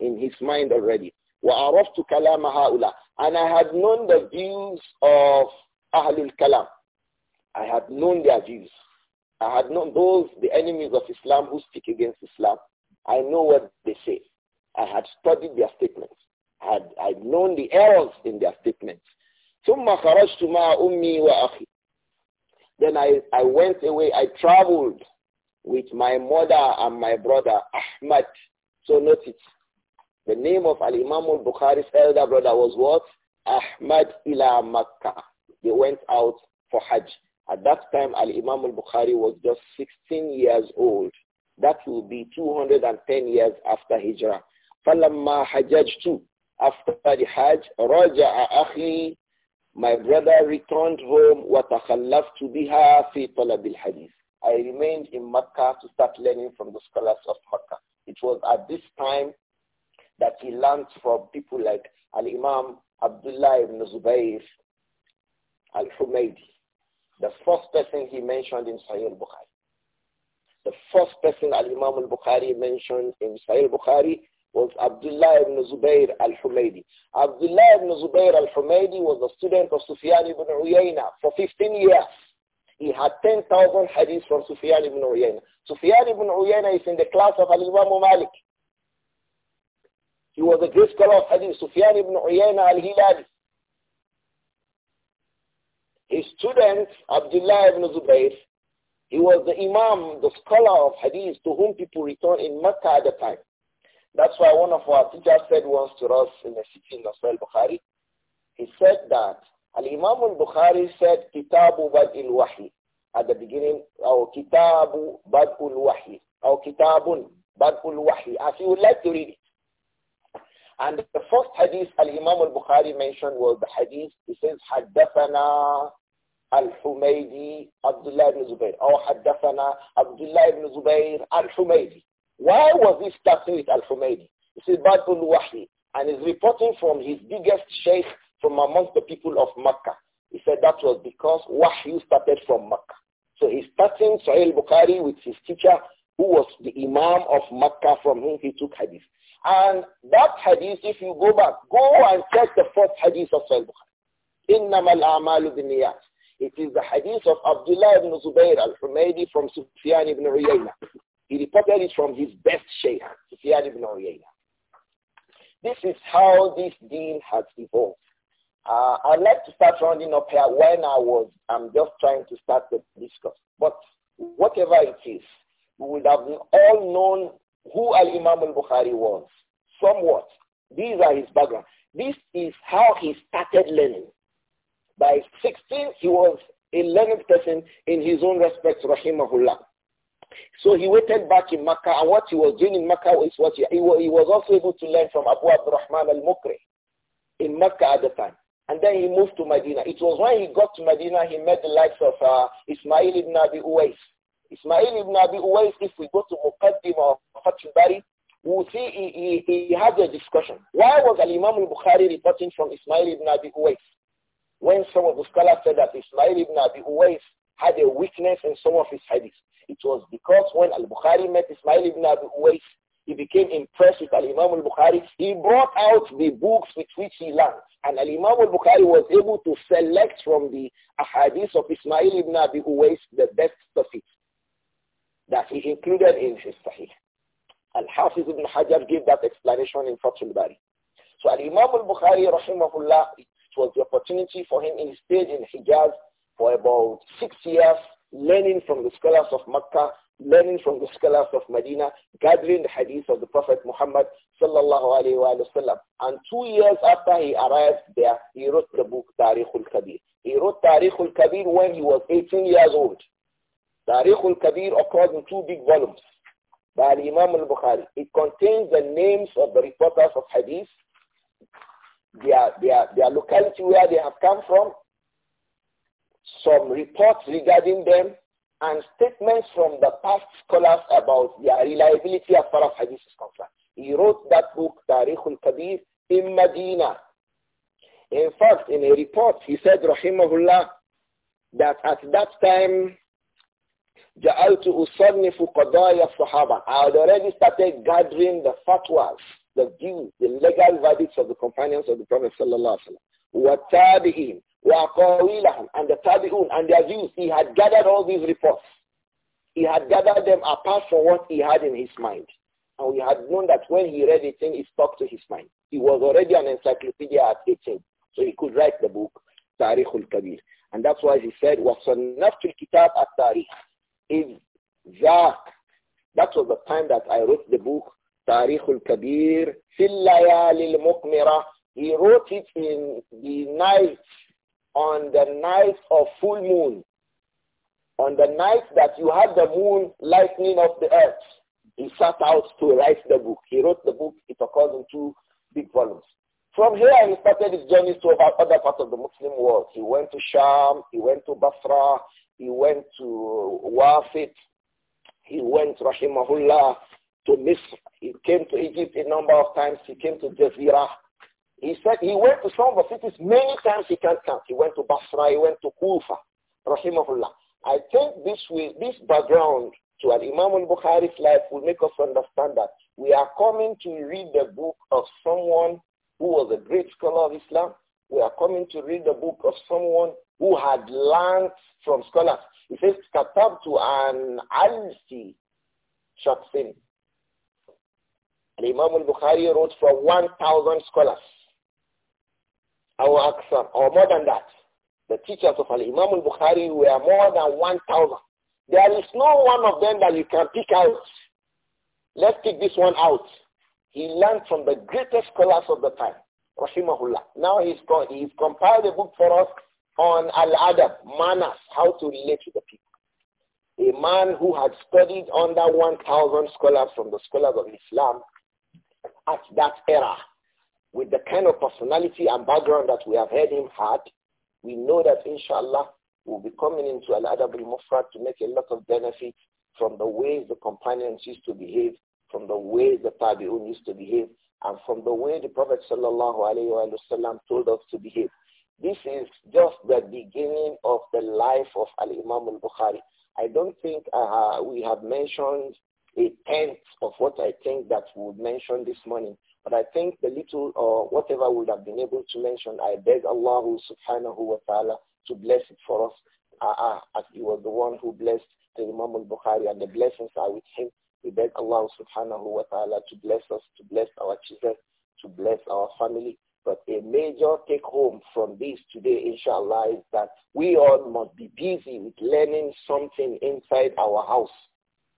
in his mind already. وَعَرَفْتُ كَلَامَ هَؤُلَاءِ And I had known the views of Ahlul Kalam. I had known their views. I had known those, the enemies of Islam who speak against Islam. I know what they say. I had studied their statements. I had, I'd known the errors in their statements. Then I, I went away. I traveled with my mother and my brother Ahmad. So notice The name of Al-Imam al-Bukhari's elder brother was what? Ahmad ila Makkah. They went out for Hajj. At that time, Al-Imam al-Bukhari was just 16 years old. That will be 210 years after Hijrah. فَلَمَّا حَجَجْتُ After the Hajj, رَجَعَ أَخِي My brother returned home وَتَخَلَّفْتُ بِهَا فِي طَلَبِ الْحَدِيثِ I remained in Mecca to start learning from the scholars of Mecca. It was at this time that he learned from people like Al-Imam Abdullah ibn Zubayr al-Humaydi, the first person he mentioned in Sahih al-Bukhari. The first person Al-Imam al-Bukhari mentioned in Sahih al-Bukhari was Abdullah ibn Zubayr al-Humaydi. Abdullah ibn Zubayr al-Humaydi was a student of Sufyan ibn Uyayna for 15 years. He had 10,000 hadiths from Sufyan ibn Uyayna. Sufyan ibn Uyayna is in the class of Al-Imam Malik. He was a great scholar of hadith, Sufyan ibn Uyayna al-Hilali. A student, Abdullah ibn Zubayr, he was the imam, the scholar of hadith to whom people returned in Mecca at the time. That's why one of our teachers said once to us in the city of Al Bukhari, he said that Al-Imam al-Bukhari said Kitabu Bad'il Wahi at the beginning, or Kitabu Bad'ul Wahi, or Kitabun Bad'ul Wahi, as you would like to read it. And the first hadith Al-Imam al-Bukhari mentioned was the hadith, he says, Haddathana Al-Humaydi, Abdullah ibn Zubayr, or oh, Haddathana, Abdullah ibn Zubayr, Al-Humaydi. Why was he starting with Al-Humaydi? It's about Wahi, and he's reporting from his biggest sheikh from amongst the people of Makkah. He said that was because Wahi started from Makkah. So he's starting Sahih Bukhari with his teacher, who was the Imam of Makkah from whom he took hadith. And that hadith, if you go back, go and check the first hadith of Sahih Bukhari. إِنَّمَا al بِالنِّيَّاتِ it is the hadith of Abdullah ibn Zubayr al-Humaydi from Sufyan ibn Uyayna. He reported it from his best sheikh, Sufyan ibn Uyayna. This is how this deen has evolved. Uh, I'd like to start rounding up here when I was, I'm just trying to start the discourse. But whatever it is, we would have all known who Al-Imam al-Bukhari was, somewhat. These are his background. This is how he started learning. By 16, he was a learned person in his own respect, rahimahullah. So he waited back in Makkah, and what he was doing in Makkah is what he, he, was also able to learn from Abu Abdurrahman al-Mukri in Makkah at the time. And then he moved to Medina. It was when he got to Medina, he met the likes of uh, Ismail ibn Abi Uwais. Ismail ibn Abi Uwais, if we go to Muqaddim or Fatul Bari, we'll see he, he, he has a discussion. Why was Al-Imam al-Bukhari reporting from Ismail ibn Abi Uwais? When some of the scholars said that Ismail ibn Abi Uwais had a weakness in some of his hadiths, it was because when Al-Bukhari met Ismail ibn Abi Uwais, he became impressed with Al-Imam al-Bukhari. He brought out the books with which he learned. And Al-Imam al-Bukhari was able to select from the hadiths of Ismail ibn Abi Uwais the best of it that he included in his Sahih. Al-Hafiz ibn Hajar gave that explanation in Fathul Bari. So Al-Imam al-Bukhari, rahimahullah, was the opportunity for him. He stayed in Hijaz for about six years, learning from the scholars of Makkah, learning from the scholars of Medina, gathering the hadith of the Prophet Muhammad sallallahu alaihi wasallam. And two years after he arrived there, he wrote the book Tariq al-Kabir. He wrote Tariq al-Kabir when he was 18 years old. Tariq al-Kabir occurs in two big volumes by Imam al-Bukhari. It contains the names of the reporters of hadith their, their, their locality where they have come from, some reports regarding them, and statements from the past scholars about the reliability as far as hadith is concerned. He wrote that book, Tariq al-Kabir, in Medina. In fact, in a report, he said, Rahimahullah, that at that time, جعلت أصنف قضايا الصحابة. I had already started gathering the fatwas the views, the legal verdicts of the companions of the Prophet sallallahu alaihi wasallam, and the tabi'un and their views. He had gathered all these reports. He had gathered them apart from what he had in his mind. And we had known that when he read a thing, it stuck to his mind. He was already an encyclopedia at 18, so he could write the book, Tariq al-Kabir. And that's why he said, وَصَنَّفْتُ الْكِتَابَ التَّارِيخ إِذْ ذَاكَ That was the time that I wrote the book, Tariq al-Kabir, Fillayal al He wrote it in the night, on the night of full moon. On the night that you had the moon lightning of the earth. He sat out to write the book. He wrote the book. It occurs in two big volumes. From here, he started his journey to other parts of the Muslim world. He went to Sham, he went to Basra, he went to Wafit, he went, Rahimahullah, to Misr. He came to Egypt a number of times. He came to Jazeera. He said he went to some of the cities many times he can't count. He went to Basra. He went to Kufa. Rahimahullah. I think this will, this background to al Imam al-Bukhari's life will make us understand that we are coming to read the book of someone who was a great scholar of Islam. We are coming to read the book of someone who had learned from scholars. He says, Katabtu an alfi shaksin. And Imam al-Bukhari wrote for 1,000 scholars, Our Aksam, or more than that. The teachers of imam al-Bukhari were more than 1,000. There is no one of them that you can pick out. Let's pick this one out. He learned from the greatest scholars of the time, Rahimahullah. Now he's, he's compiled a book for us on Al-Adab, manners, how to relate to the people. A man who had studied under 1,000 scholars from the scholars of Islam at that era, with the kind of personality and background that we have heard him had, we know that inshallah we'll be coming into Al-Adab mufrad to make a lot of benefit from the ways the companions used to behave, from the ways the Tabi'un used to behave, and from the way the Prophet sallallahu alayhi wasallam told us to behave. This is just the beginning of the life of Al-Imam al-Bukhari. I don't think uh, we have mentioned a tenth of what I think that we would mention this morning. But I think the little or uh, whatever we would have been able to mention, I beg Allah subhanahu wa ta'ala to bless it for us uh, as he was the one who blessed the Imam al-Bukhari and the blessings are with him. We beg Allah subhanahu wa ta'ala to bless us, to bless our children, to bless our family. But a major take home from this today, inshallah, is that we all must be busy with learning something inside our house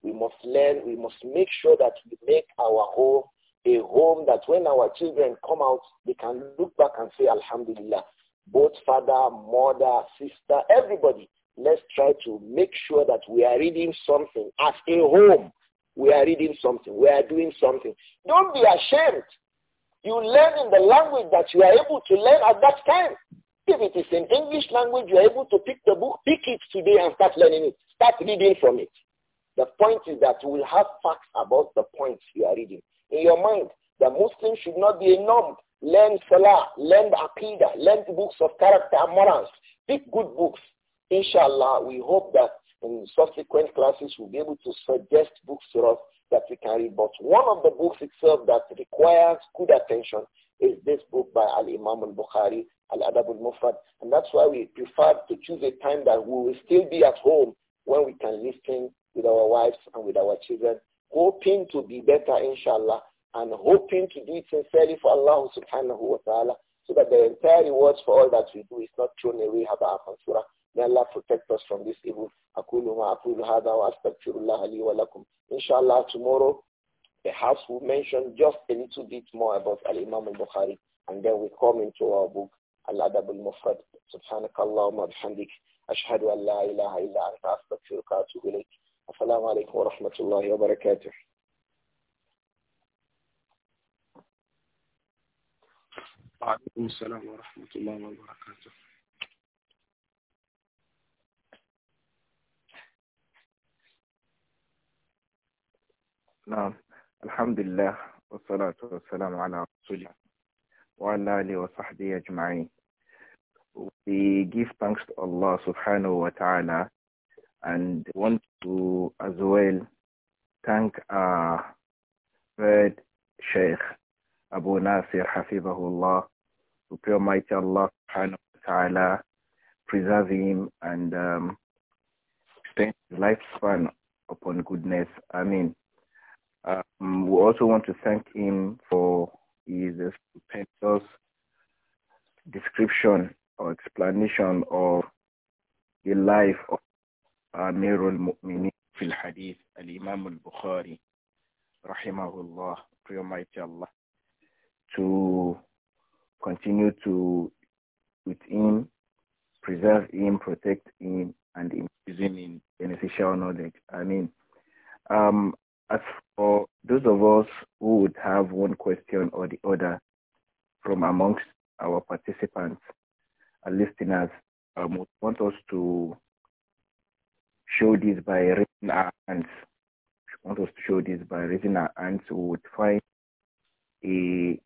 we must learn, we must make sure that we make our home a home that when our children come out, they can look back and say, Alhamdulillah, both father, mother, sister, everybody, let's try to make sure that we are reading something as a home. We are reading something. We are doing something. Don't be ashamed. You learn in the language that you are able to learn at that time. If it is in English language, you are able to pick the book, pick it today and start learning it. Start reading from it. The point is that you will have facts about the points you are reading. In your mind, the Muslim should not be a norm. Learn Salah, learn Aqidah, learn books of character and morals. Pick good books. Inshallah, we hope that in subsequent classes we'll be able to suggest books to us that we can read. But one of the books itself that requires good attention is this book by Al-Imam al-Bukhari, Al-Adab al-Mufrad. And that's why we prefer to choose a time that we will still be at home when we can listen with our wives and with our children, hoping to be better, inshallah, and hoping to do it sincerely for Allah subhanahu wa ta'ala, so that the entire rewards for all that we do is not thrown away, haba mansura. May Allah protect us from this evil. أقول ما أقول هذا وأستغفر الله لي ولكم. Inshallah, tomorrow perhaps we'll mention just a little bit more about Al-Imam al-Bukhari and then we come into our book Al-Adab al-Mufrad. سبحانك اللهم وبحمدك أشهد أن لا إله إلا أنت أستغفرك وأتوب إليك. السلام عليكم ورحمة الله وبركاته وعليكم السلام ورحمة الله وبركاته نعم الحمد لله والصلاة والسلام على رسول الله وعلى آله وصحبه أجمعين We give thanks to Allah subhanahu wa ta'ala and want to as well thank our third Sheikh Abu Nasir Hafizahullah. To pray Almighty Allah subhanahu wa ta'ala preserve him and um, extend his lifespan upon goodness. I mean, um, we also want to thank him for his stupendous description or explanation of the life of أمير المؤمنين في الحديث الإمام البخاري رحمه الله to continue to with him, preserve him, protect him, and imprison in beneficial knowledge. I mean, um, as for those of us who would have one question or the other from amongst our participants our listeners, um, would want us to show this by raising our hands. She wants us to show this by raising our hands. We would find a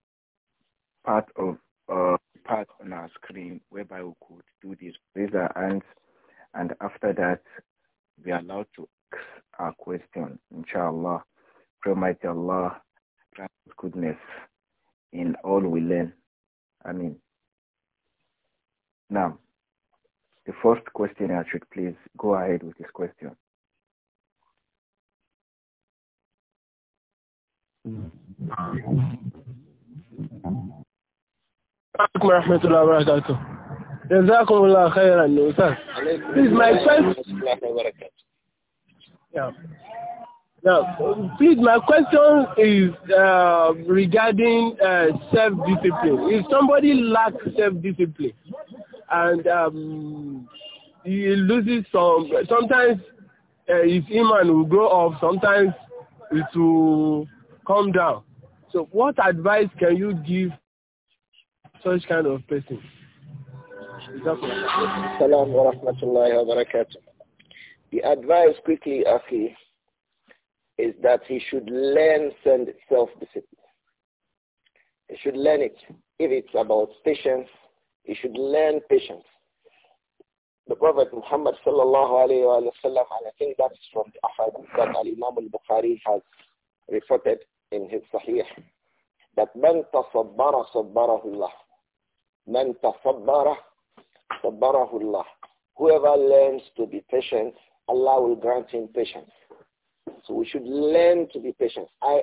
part of uh, part on our screen whereby we could do this. Raise our hands, and after that, we are allowed to ask our question. Inshallah, pray mighty Allah, grant goodness in all we learn. I mean, now. The first questioner should please go ahead with his question. Alaikum warahmatullahi Please, my question... Yeah. Now, please, my question is uh, regarding uh, self-discipline. If somebody lacks self-discipline, and um, he loses some. Sometimes uh, his iman will go up, sometimes it will come down. So what advice can you give such kind of person? The advice quickly, Aki, is that he should learn self-discipline. He should learn it. If it's about patience, you should learn patience. The Prophet Muhammad sallallahu alayhi wa sallam, and I think that's from the ahadith that Al-Imam al-Bukhari has reported in his Sahih, that صبرَهُ الله. من تصبّرَ صبرَهُ الله. Whoever learns to be patient, Allah will grant him patience. So we should learn to be patient. I,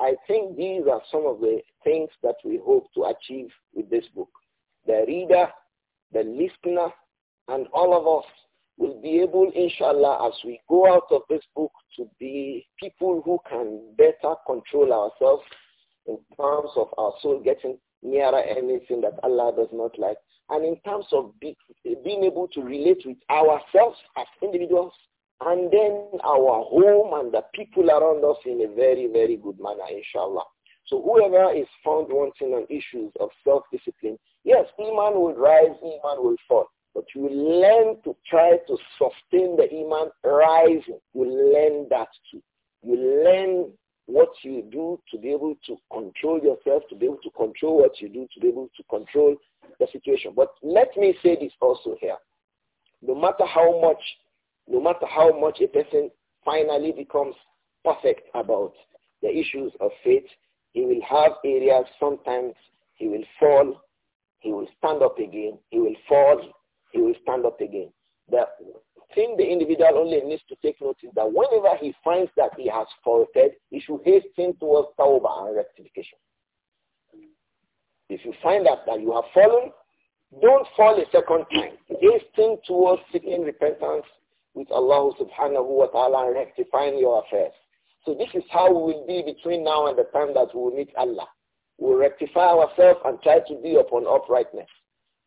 I think these are some of the things that we hope to achieve with this book the reader, the listener, and all of us will be able, inshallah, as we go out of this book to be people who can better control ourselves in terms of our soul getting nearer anything that Allah does not like. And in terms of be, being able to relate with ourselves as individuals and then our home and the people around us in a very, very good manner, inshallah. So whoever is found wanting on issues of self-discipline, Yes, Iman will rise, Iman will fall. But you will learn to try to sustain the Iman rising. You learn that too. You learn what you do to be able to control yourself, to be able to control what you do, to be able to control the situation. But let me say this also here. No matter how much, no matter how much a person finally becomes perfect about the issues of faith, he will have areas sometimes he will fall he will stand up again. He will fall. He will stand up again. The thing the individual only needs to take note is that whenever he finds that he has faulted, he should hasten towards Tauba and rectification. If you find out that you have fallen, don't fall a second time. Hasten towards seeking repentance with Allah subhanahu wa ta'ala and rectifying your affairs. So this is how we will be between now and the time that we will meet Allah we rectify ourselves and try to be upon uprightness.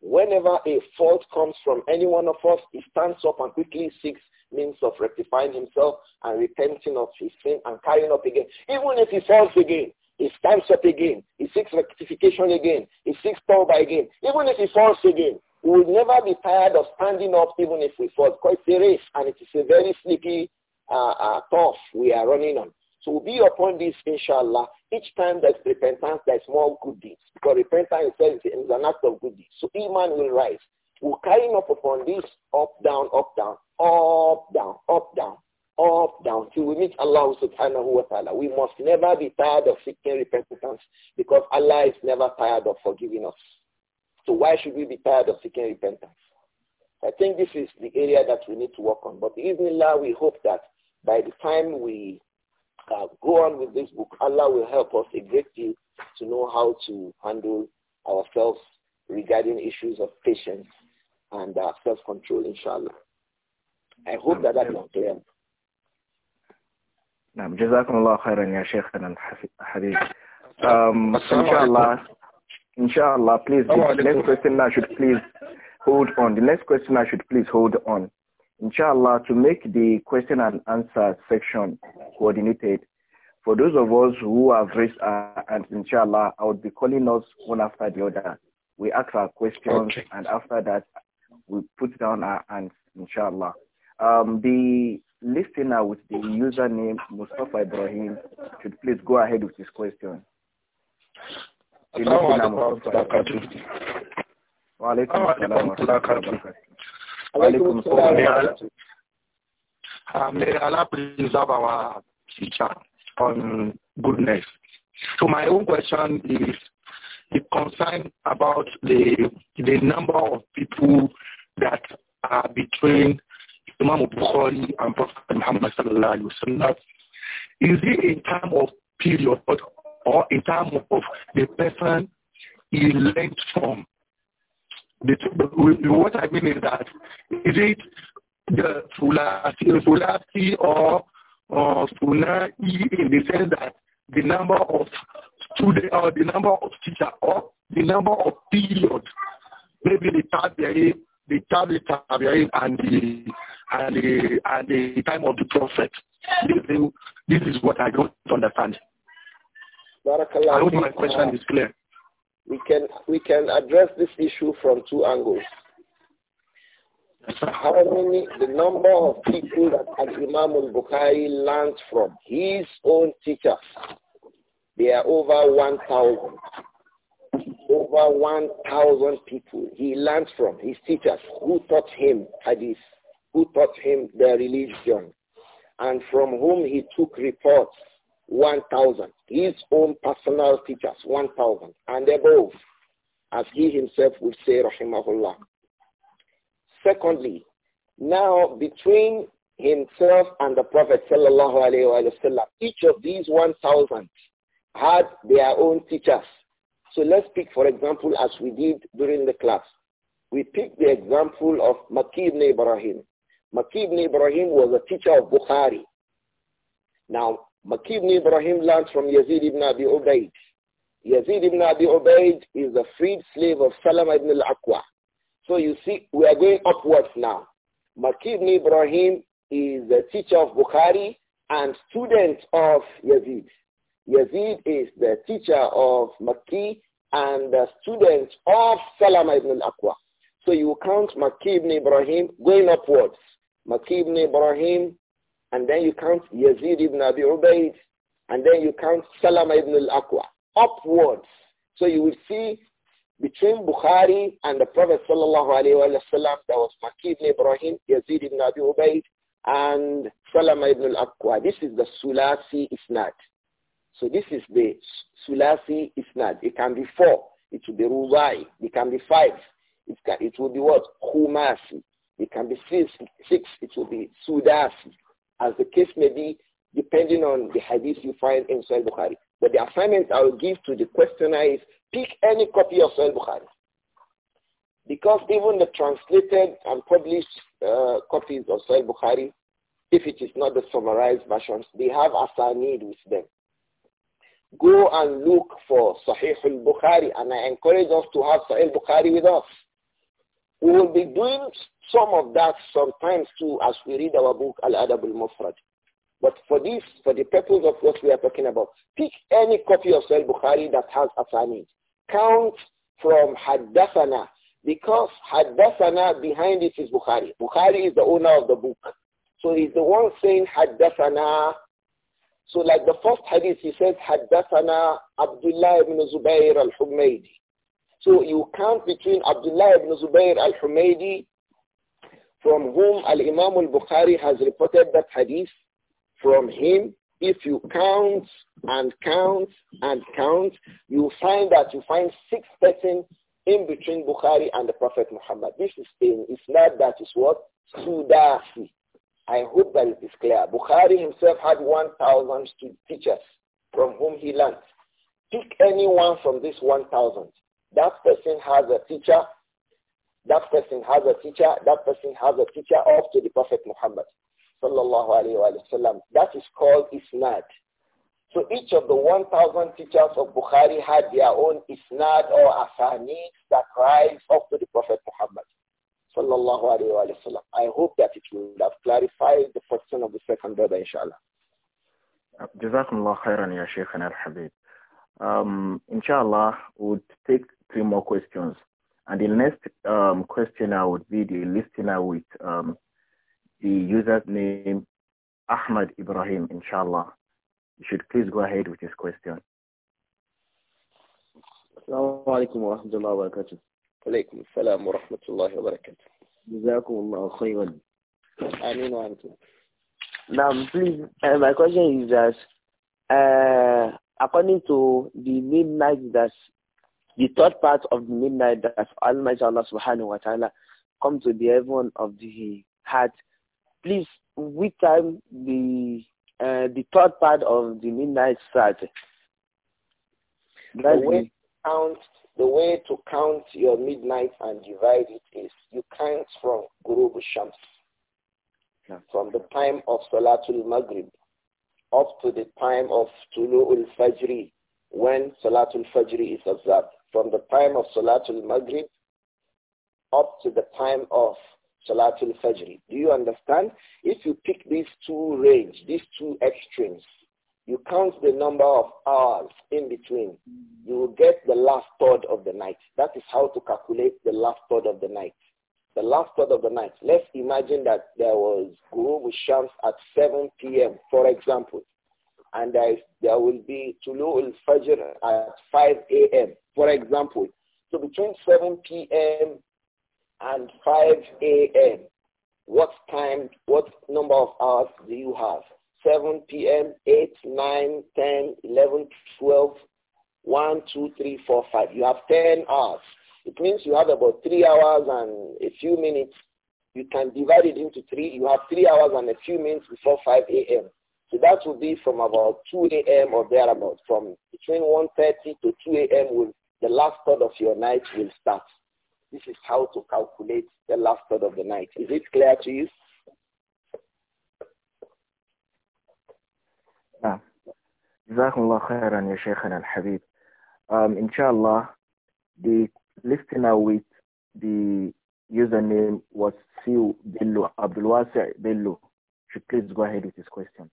Whenever a fault comes from any one of us, he stands up and quickly seeks means of rectifying himself and repenting of his sin and carrying up again. Even if he falls again, he stands up again. He seeks rectification again. He seeks power again. Even if he falls again, we will never be tired of standing up even if we fall. Quite a race and it is a very slippery uh, uh, turf we are running on. So be upon this, inshallah, each time there's repentance, there's more good deeds. Because repentance itself is an act of good deeds. So Iman will rise. We'll carry up upon this up, down, up, down, up, down, up, down, up, down, till we meet Allah subhanahu wa ta'ala. We must never be tired of seeking repentance because Allah is never tired of forgiving us. So why should we be tired of seeking repentance? I think this is the area that we need to work on. But Bismillah, we hope that by the time we Go on with this book. Allah will help us a great deal to know how to handle ourselves regarding issues of patience and uh, self-control, inshallah. I hope that that is clear. نعم جزاكم الله خيرا يا شيخنا الحبيب um, inshallah inshallah please the next question I should please hold on the next question I should please hold on inshallah, to make the question and answer section coordinated. For those of us who have raised our hands, inshallah, I would be calling us one after the other. We ask our questions, okay. and after that, we put down our hands, inshallah. Um, the listener with the username Mustafa Ibrahim should please go ahead with his question. Wa May Allah preserve our future on goodness. So my own question is the concern about the the number of people that are between Imam Bukhari and Prophet Muhammad sallallahu alaihi wasallam. Is it in terms of period or in terms of the person he learned from? what I mean is that is it the Sulasi or or Sunai in the sense that the number of students or the number of teachers or the number of periods, maybe the Tabiain, the Tabiain and the and the and the time of the prophet. This is, this is what I don't understand. I hope my question is clear we can, we can address this issue from two angles. How many, the number of people that Imam al-Bukhari learned from, his own teachers, they are over 1,000. Over 1,000 people he learned from, his teachers, who taught him hadith, who taught him the religion, and from whom he took reports 1,000. His own personal teachers, 1,000 and above, as he himself would say, rahimahullah. Secondly, now between himself and the Prophet sallallahu alaihi wasallam, each of these 1,000 had their own teachers. So let's pick, for example, as we did during the class. We picked the example of Maki ibn Ibrahim. Maki ibn Ibrahim was a teacher of Bukhari. Now, Maki ibn Ibrahim learns from Yazid ibn Abi Ubaid. Yazid ibn Abi Ubaid is a freed slave of Salama ibn al-Aqwa. So you see, we are going upwards now. Maki ibn Ibrahim is the teacher of Bukhari and student of Yazid. Yazid is the teacher of Maki and the student of Salama ibn al-Aqwa. So you count Maki ibn Ibrahim going upwards. Maki ibn Ibrahim and then you count Yazid ibn Abi Ubaid. And then you count Salama ibn al-Aqwa. Upwards. So you will see between Bukhari and the Prophet sallallahu alayhi wa sallam, there was Maki ibn Ibrahim, Yazid ibn Abi Ubaid, and Salama ibn al-Aqwa. This is the Sulasi Isnad. So this is the Sulasi Isnad. It can be four. It will be Rubai. It can be five. It, can, it will be what? Khumasi. It can be six. six. It will be Sudasi as the case may be, depending on the hadith you find in Sahih Bukhari. But the assignment I will give to the questioner is pick any copy of Sahih Bukhari. Because even the translated and published uh, copies of Sahih Bukhari, if it is not the summarized versions, they have asanid with them. Go and look for Sahih al-Bukhari, and I encourage us to have Sahih al-Bukhari with us. We will be doing some of that sometimes too as we read our book Al-Adab al-Mufrad. But for this, for the purpose of what we are talking about, pick any copy of Sahih Bukhari that has Asanid. Count from Haddathana because Haddathana behind it is Bukhari. Bukhari is the owner of the book. So he's the one saying Haddathana. So like the first hadith, he says Haddathana Abdullah ibn Zubayr al-Humaydi. So you count between Abdullah ibn Zubayr al-Humaydi, from whom al-Imam al-Bukhari has reported that hadith, from him, if you count and count and count, you find that you find six persons in between Bukhari and the Prophet Muhammad. This is in Islam that is what? Sudafi. I hope that it is clear. Bukhari himself had 1,000 teachers from whom he learned. Pick anyone from this 1,000. That person has a teacher. That person has a teacher. That person has a teacher up to the Prophet Muhammad. Sallallahu alayhi wa sallam. That is called isnad. So each of the 1,000 teachers of Bukhari had their own isnad or asanid that rise up to the Prophet Muhammad. Sallallahu alayhi wa sallam. I hope that it will have clarified the question of the second brother, inshallah. جزاكم الله خيرا يا شيخنا الحبيب um, inshallah, would take three more questions. And the next um, questioner would be the listener with um, the username Ahmed Ibrahim, inshallah. You should please go ahead with this question. السلام عليكم ورحمة الله وبركاته وعليكم السلام ورحمة الله وبركاته جزاكم الله خيرا آمين وأنتم Now please, uh, my question is that uh, according to the midnight that the third part of the midnight that Almighty Allah subhanahu wa ta'ala come to the heaven of the heart. Please, with time, the, uh, the third part of the midnight start. The way, count, the way to count your midnight and divide it is you count from Guru Shams, from the time of Salatul Maghrib up to the time of Tulu'ul Fajri, when Salatul Fajri is observed from the time of Salatul Maghrib up to the time of Salatul Fajr. Do you understand? If you pick these two range, these two extremes, you count the number of hours in between, you will get the last third of the night. That is how to calculate the last third of the night. The last third of the night. Let's imagine that there was Guru Shams at 7 p.m., for example and there, is, there will be Tulu al-Fajr at 5 a.m., for example. So between 7 p.m. and 5 a.m., what time, what number of hours do you have? 7 p.m., 8, 9, 10, 11, 12, 1, 2, 3, 4, 5. You have 10 hours. It means you have about 3 hours and a few minutes. You can divide it into 3. You have 3 hours and a few minutes before 5 a.m that will be from about 2 a.m. or thereabout. From between 1.30 to 2 a.m. will the last third of your night will start. This is how to calculate the last third of the night. Is it clear to you? um, inshallah the listener with the username was Siu Bello Abdulwasi Bello should please go ahead with his question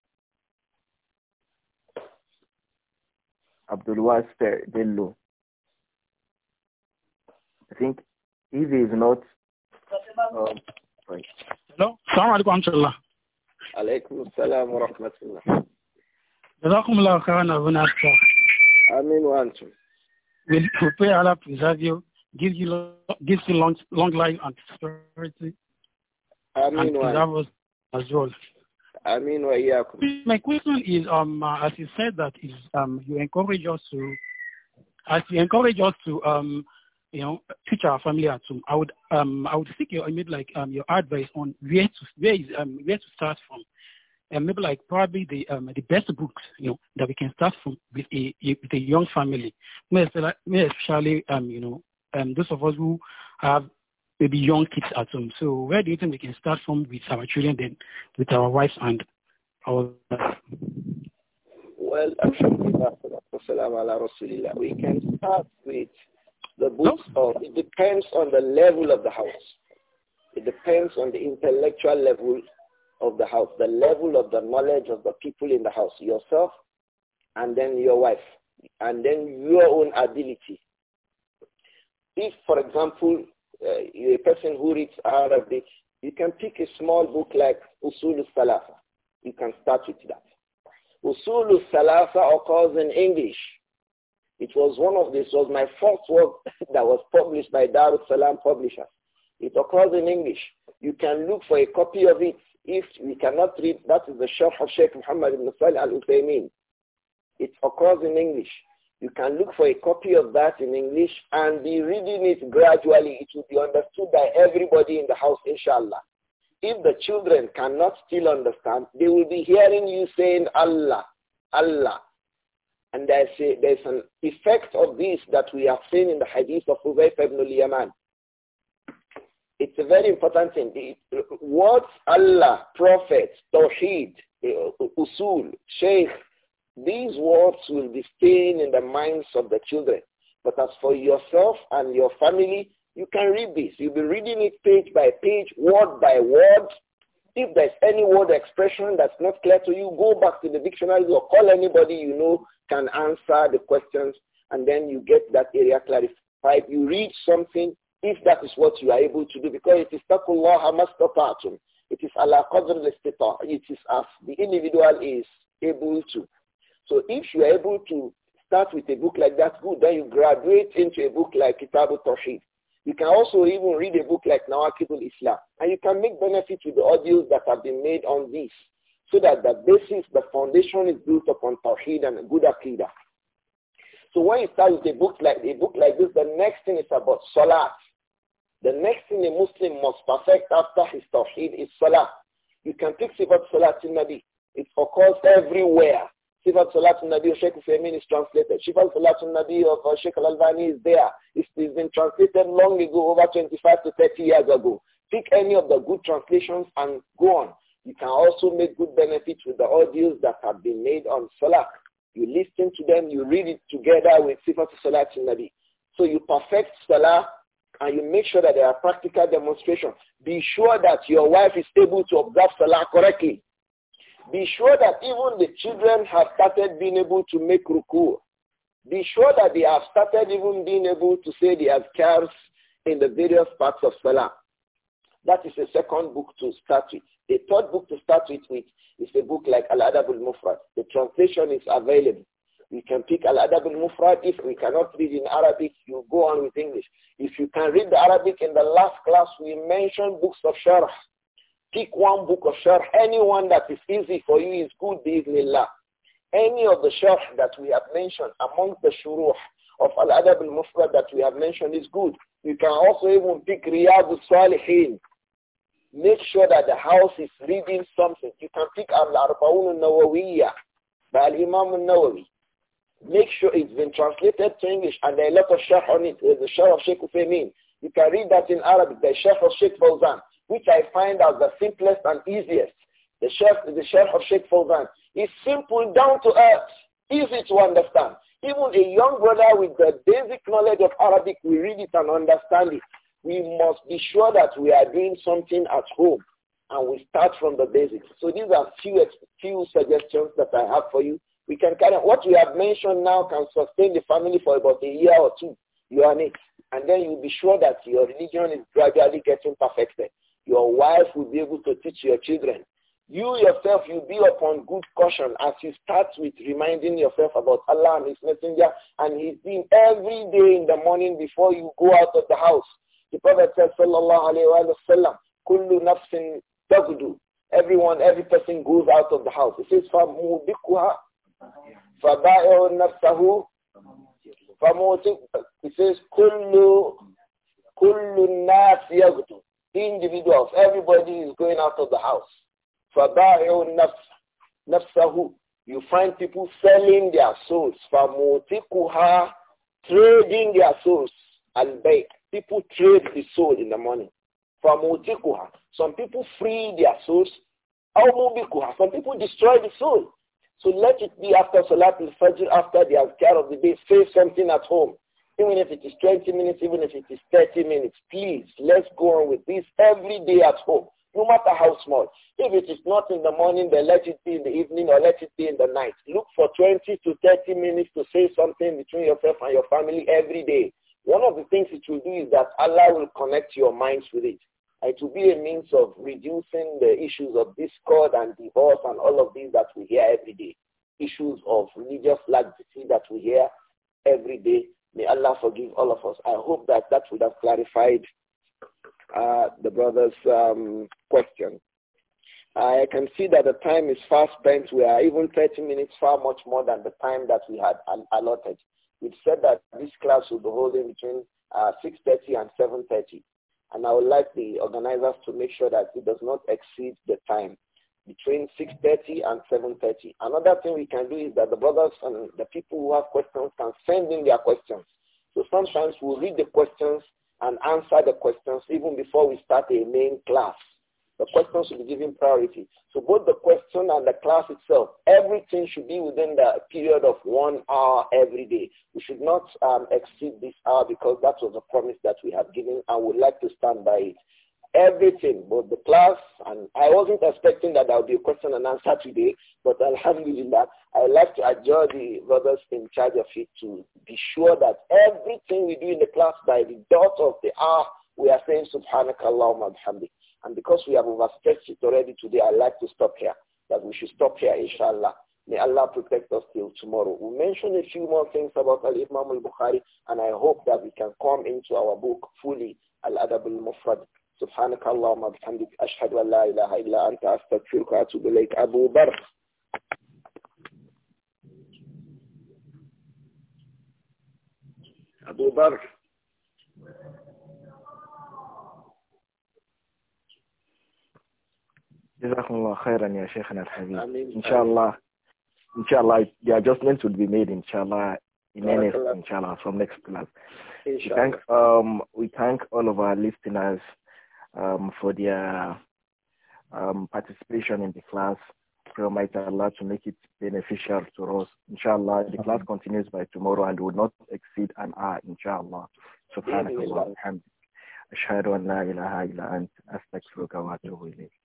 Abdul Wasfer Bello. I think if he is not... Um, Hello? salaam alaikum wa Alaykum as-salam wa rahmatullah. Jazakum Allah khairan abuna Amin wa antum. We pray Allah preserve you, give you, give you long, long life and prosperity. Amin and preserve us as well. Amin wa yeah. My question is, um, uh, as you said that is, um, you encourage us to, as you encourage us to, um, you know, teach our family at home. I would, um, I would seek your, I mean, like, um, your advice on where to, where is, um, where to start from, and maybe like probably the, um, the best books, you know, that we can start from with a, with a young family, especially, um, you know, um, those of us who have maybe young kids at home. So where do you think we can start from with our children then, with our wives and our... Well, we can start with the books of, it depends on the level of the house. It depends on the intellectual level of the house, the level of the knowledge of the people in the house, yourself and then your wife, and then your own ability. If, for example, uh, a person who reads Arabic, you can pick a small book like Usul Salafa. You can start with that. Usul Salafa occurs in English. It was one of this was my first work that was published by Darul Salam Publishers. It occurs in English. You can look for a copy of it if we cannot read. That is the Sharh of Sheikh Muhammad ibn Salih al-Uthaymeen. It occurs in English. You can look for a copy of that in English and be reading it gradually. It will be understood by everybody in the house, inshallah. If the children cannot still understand, they will be hearing you saying Allah, Allah. And there's, a, there's an effect of this that we have seen in the hadith of Huzayf ibn al-Yaman. It's a very important thing. What words Allah, Prophet, Tawheed, uh, Usul, Sheikh, these words will be staying in the minds of the children. But as for yourself and your family, you can read this. You'll be reading it page by page, word by word. If there's any word expression that's not clear to you, go back to the dictionary or call anybody you know can answer the questions and then you get that area clarified. You read something if that is what you are able to do because it is takullah hamastapatum. It is ala qadr It is as the individual is able to. So if you are able to start with a book like that, good. Then you graduate into a book like Kitab al-Tawheed. You can also even read a book like Nawakibul Islam. And you can make benefit with the audios that have been made on this so that the basis, the foundation is built upon Tawheed and good Aqidah. So when you start with a book like a book like this, the next thing is about Salat. The next thing a Muslim must perfect after his Tawheed is Salat. You can take about Salat in Nabi. It occurs everywhere. Sifat Salatun Nabi of Sheikh Uthaymeen is translated. Sifat Salatun Nabi of uh, Sheikh Al-Albani is there. It's, it's been translated long ago, over 25 to 30 years ago. Pick any of the good translations and go on. You can also make good benefit with the audios that have been made on Salah. You listen to them, you read it together with Sifat Salatun Nabi. So you perfect Salah and you make sure that there are practical demonstrations. Be sure that your wife is able to observe Salah correctly. Be sure that even the children have started being able to make ruku. Be sure that they have started even being able to say the azkars in the various parts of Salah. That is the second book to start with. The third book to start with, with is a book like Al-Adab al-Mufrad. The translation is available. You can pick Al-Adab al-Mufrad. If we cannot read in Arabic, you go on with English. If you can read the Arabic, in the last class we mentioned books of Sharh. Pick one book of sharh. Anyone that is easy for you is good bismillah. Any of the sharh that we have mentioned among the shuruh of Al-Adab al-Mufrad that we have mentioned is good. You can also even pick Riyad al-Salihin. Make sure that the house is reading something. You can pick Al-Arbaun al-Nawawiyah by al Imam al-Nawawi. Make sure it's been translated to English and there are a lot of sharh on it. There's the sharh of Sheikh Uthaymeen. You can read that in Arabic. The sharh of Sheikh Fawzan which I find as the simplest and easiest. The chef, the chef of Sheikh Fawzan is simple, down to earth, easy to understand. Even a young brother with the basic knowledge of Arabic will read it and understand it. We must be sure that we are doing something at home and we start from the basics. So these are few, few suggestions that I have for you. We can carry What we have mentioned now can sustain the family for about a year or two. You are And then you'll be sure that your religion is gradually getting perfected. Your wife will be able to teach your children. You yourself, you be upon good caution as you start with reminding yourself about Allah and His Messenger and His Deen every day in the morning before you go out of the house. The Prophet says, Sallallahu Alaihi Wasallam, Kullu nafsin tagdu. Everyone, every person goes out of the house. It says, فَمُوبِكُهَا فَبَائِعُ نَفْسَهُ فَمُوتِكُ It says, كُلُّ كُلُّ النَّاسِ يَغْدُو individuals, everybody is going out of the house. فَبَاعِعُ نَفْسَهُ You find people selling their souls. mutikua Trading their souls. and bayt People trade the soul in the morning. mutikua, Some people free their souls. Some people destroy the soul. So let it be after Salat al-Fajr, after the care of the day, say something at home. Even if it is 20 minutes, even if it is 30 minutes, please, let's go on with this every day at home, no matter how small. If it is not in the morning, then let it be in the evening or let it be in the night. Look for 20 to 30 minutes to say something between yourself and your family every day. One of the things it will do is that Allah will connect your minds with it. It will be a means of reducing the issues of discord and divorce and all of these that we hear every day. Issues of religious laxity that we hear every day May Allah forgive all of us. I hope that that would have clarified uh, the brother's um, question. I can see that the time is fast spent. We are even 30 minutes far much more than the time that we had allotted. We said that this class will be holding between uh, 6.30 and 7.30. And I would like the organizers to make sure that it does not exceed the time between 6.30 and 7.30. Another thing we can do is that the brothers and the people who have questions can send in their questions. So sometimes we will read the questions and answer the questions even before we start a main class. The questions should be given priority. So both the question and the class itself, everything should be within the period of one hour every day. We should not um, exceed this hour because that was a promise that we have given and would like to stand by it everything, both the class, and I wasn't expecting that there would be a question and answer today, but alhamdulillah, I like to adjure the brothers in charge of it to be sure that everything we do in the class by the dot of the r, we are saying subhanakallahumma bihamdik. And because we have overstretched it already today, I like to stop here, that we should stop here, inshallah. May Allah protect us till tomorrow. We'll mention a few more things about Al-Imam al-Bukhari, and I hope that we can come into our book fully, Al-Adab al-Mufrad, سبحانك اللهم وبحمدك أشهد أن لا إله إلا أنت أستغفرك وأتوب إليك أبو بر أبو بر جزاكم الله خيرا يا شيخنا الحبيب إن شاء الله إن شاء الله the adjustments will be made إن شاء الله in any ان شاء الله from next class. We thank um we thank all of our listeners um, for their um, participation in the class. Prayer Allah to make it beneficial to us. Inshallah, the class continues by tomorrow and will not exceed an hour, inshallah. Subhanakallah. Ashhadu an la ilaha illa ant. Astaghfiruka wa atubu ilayk.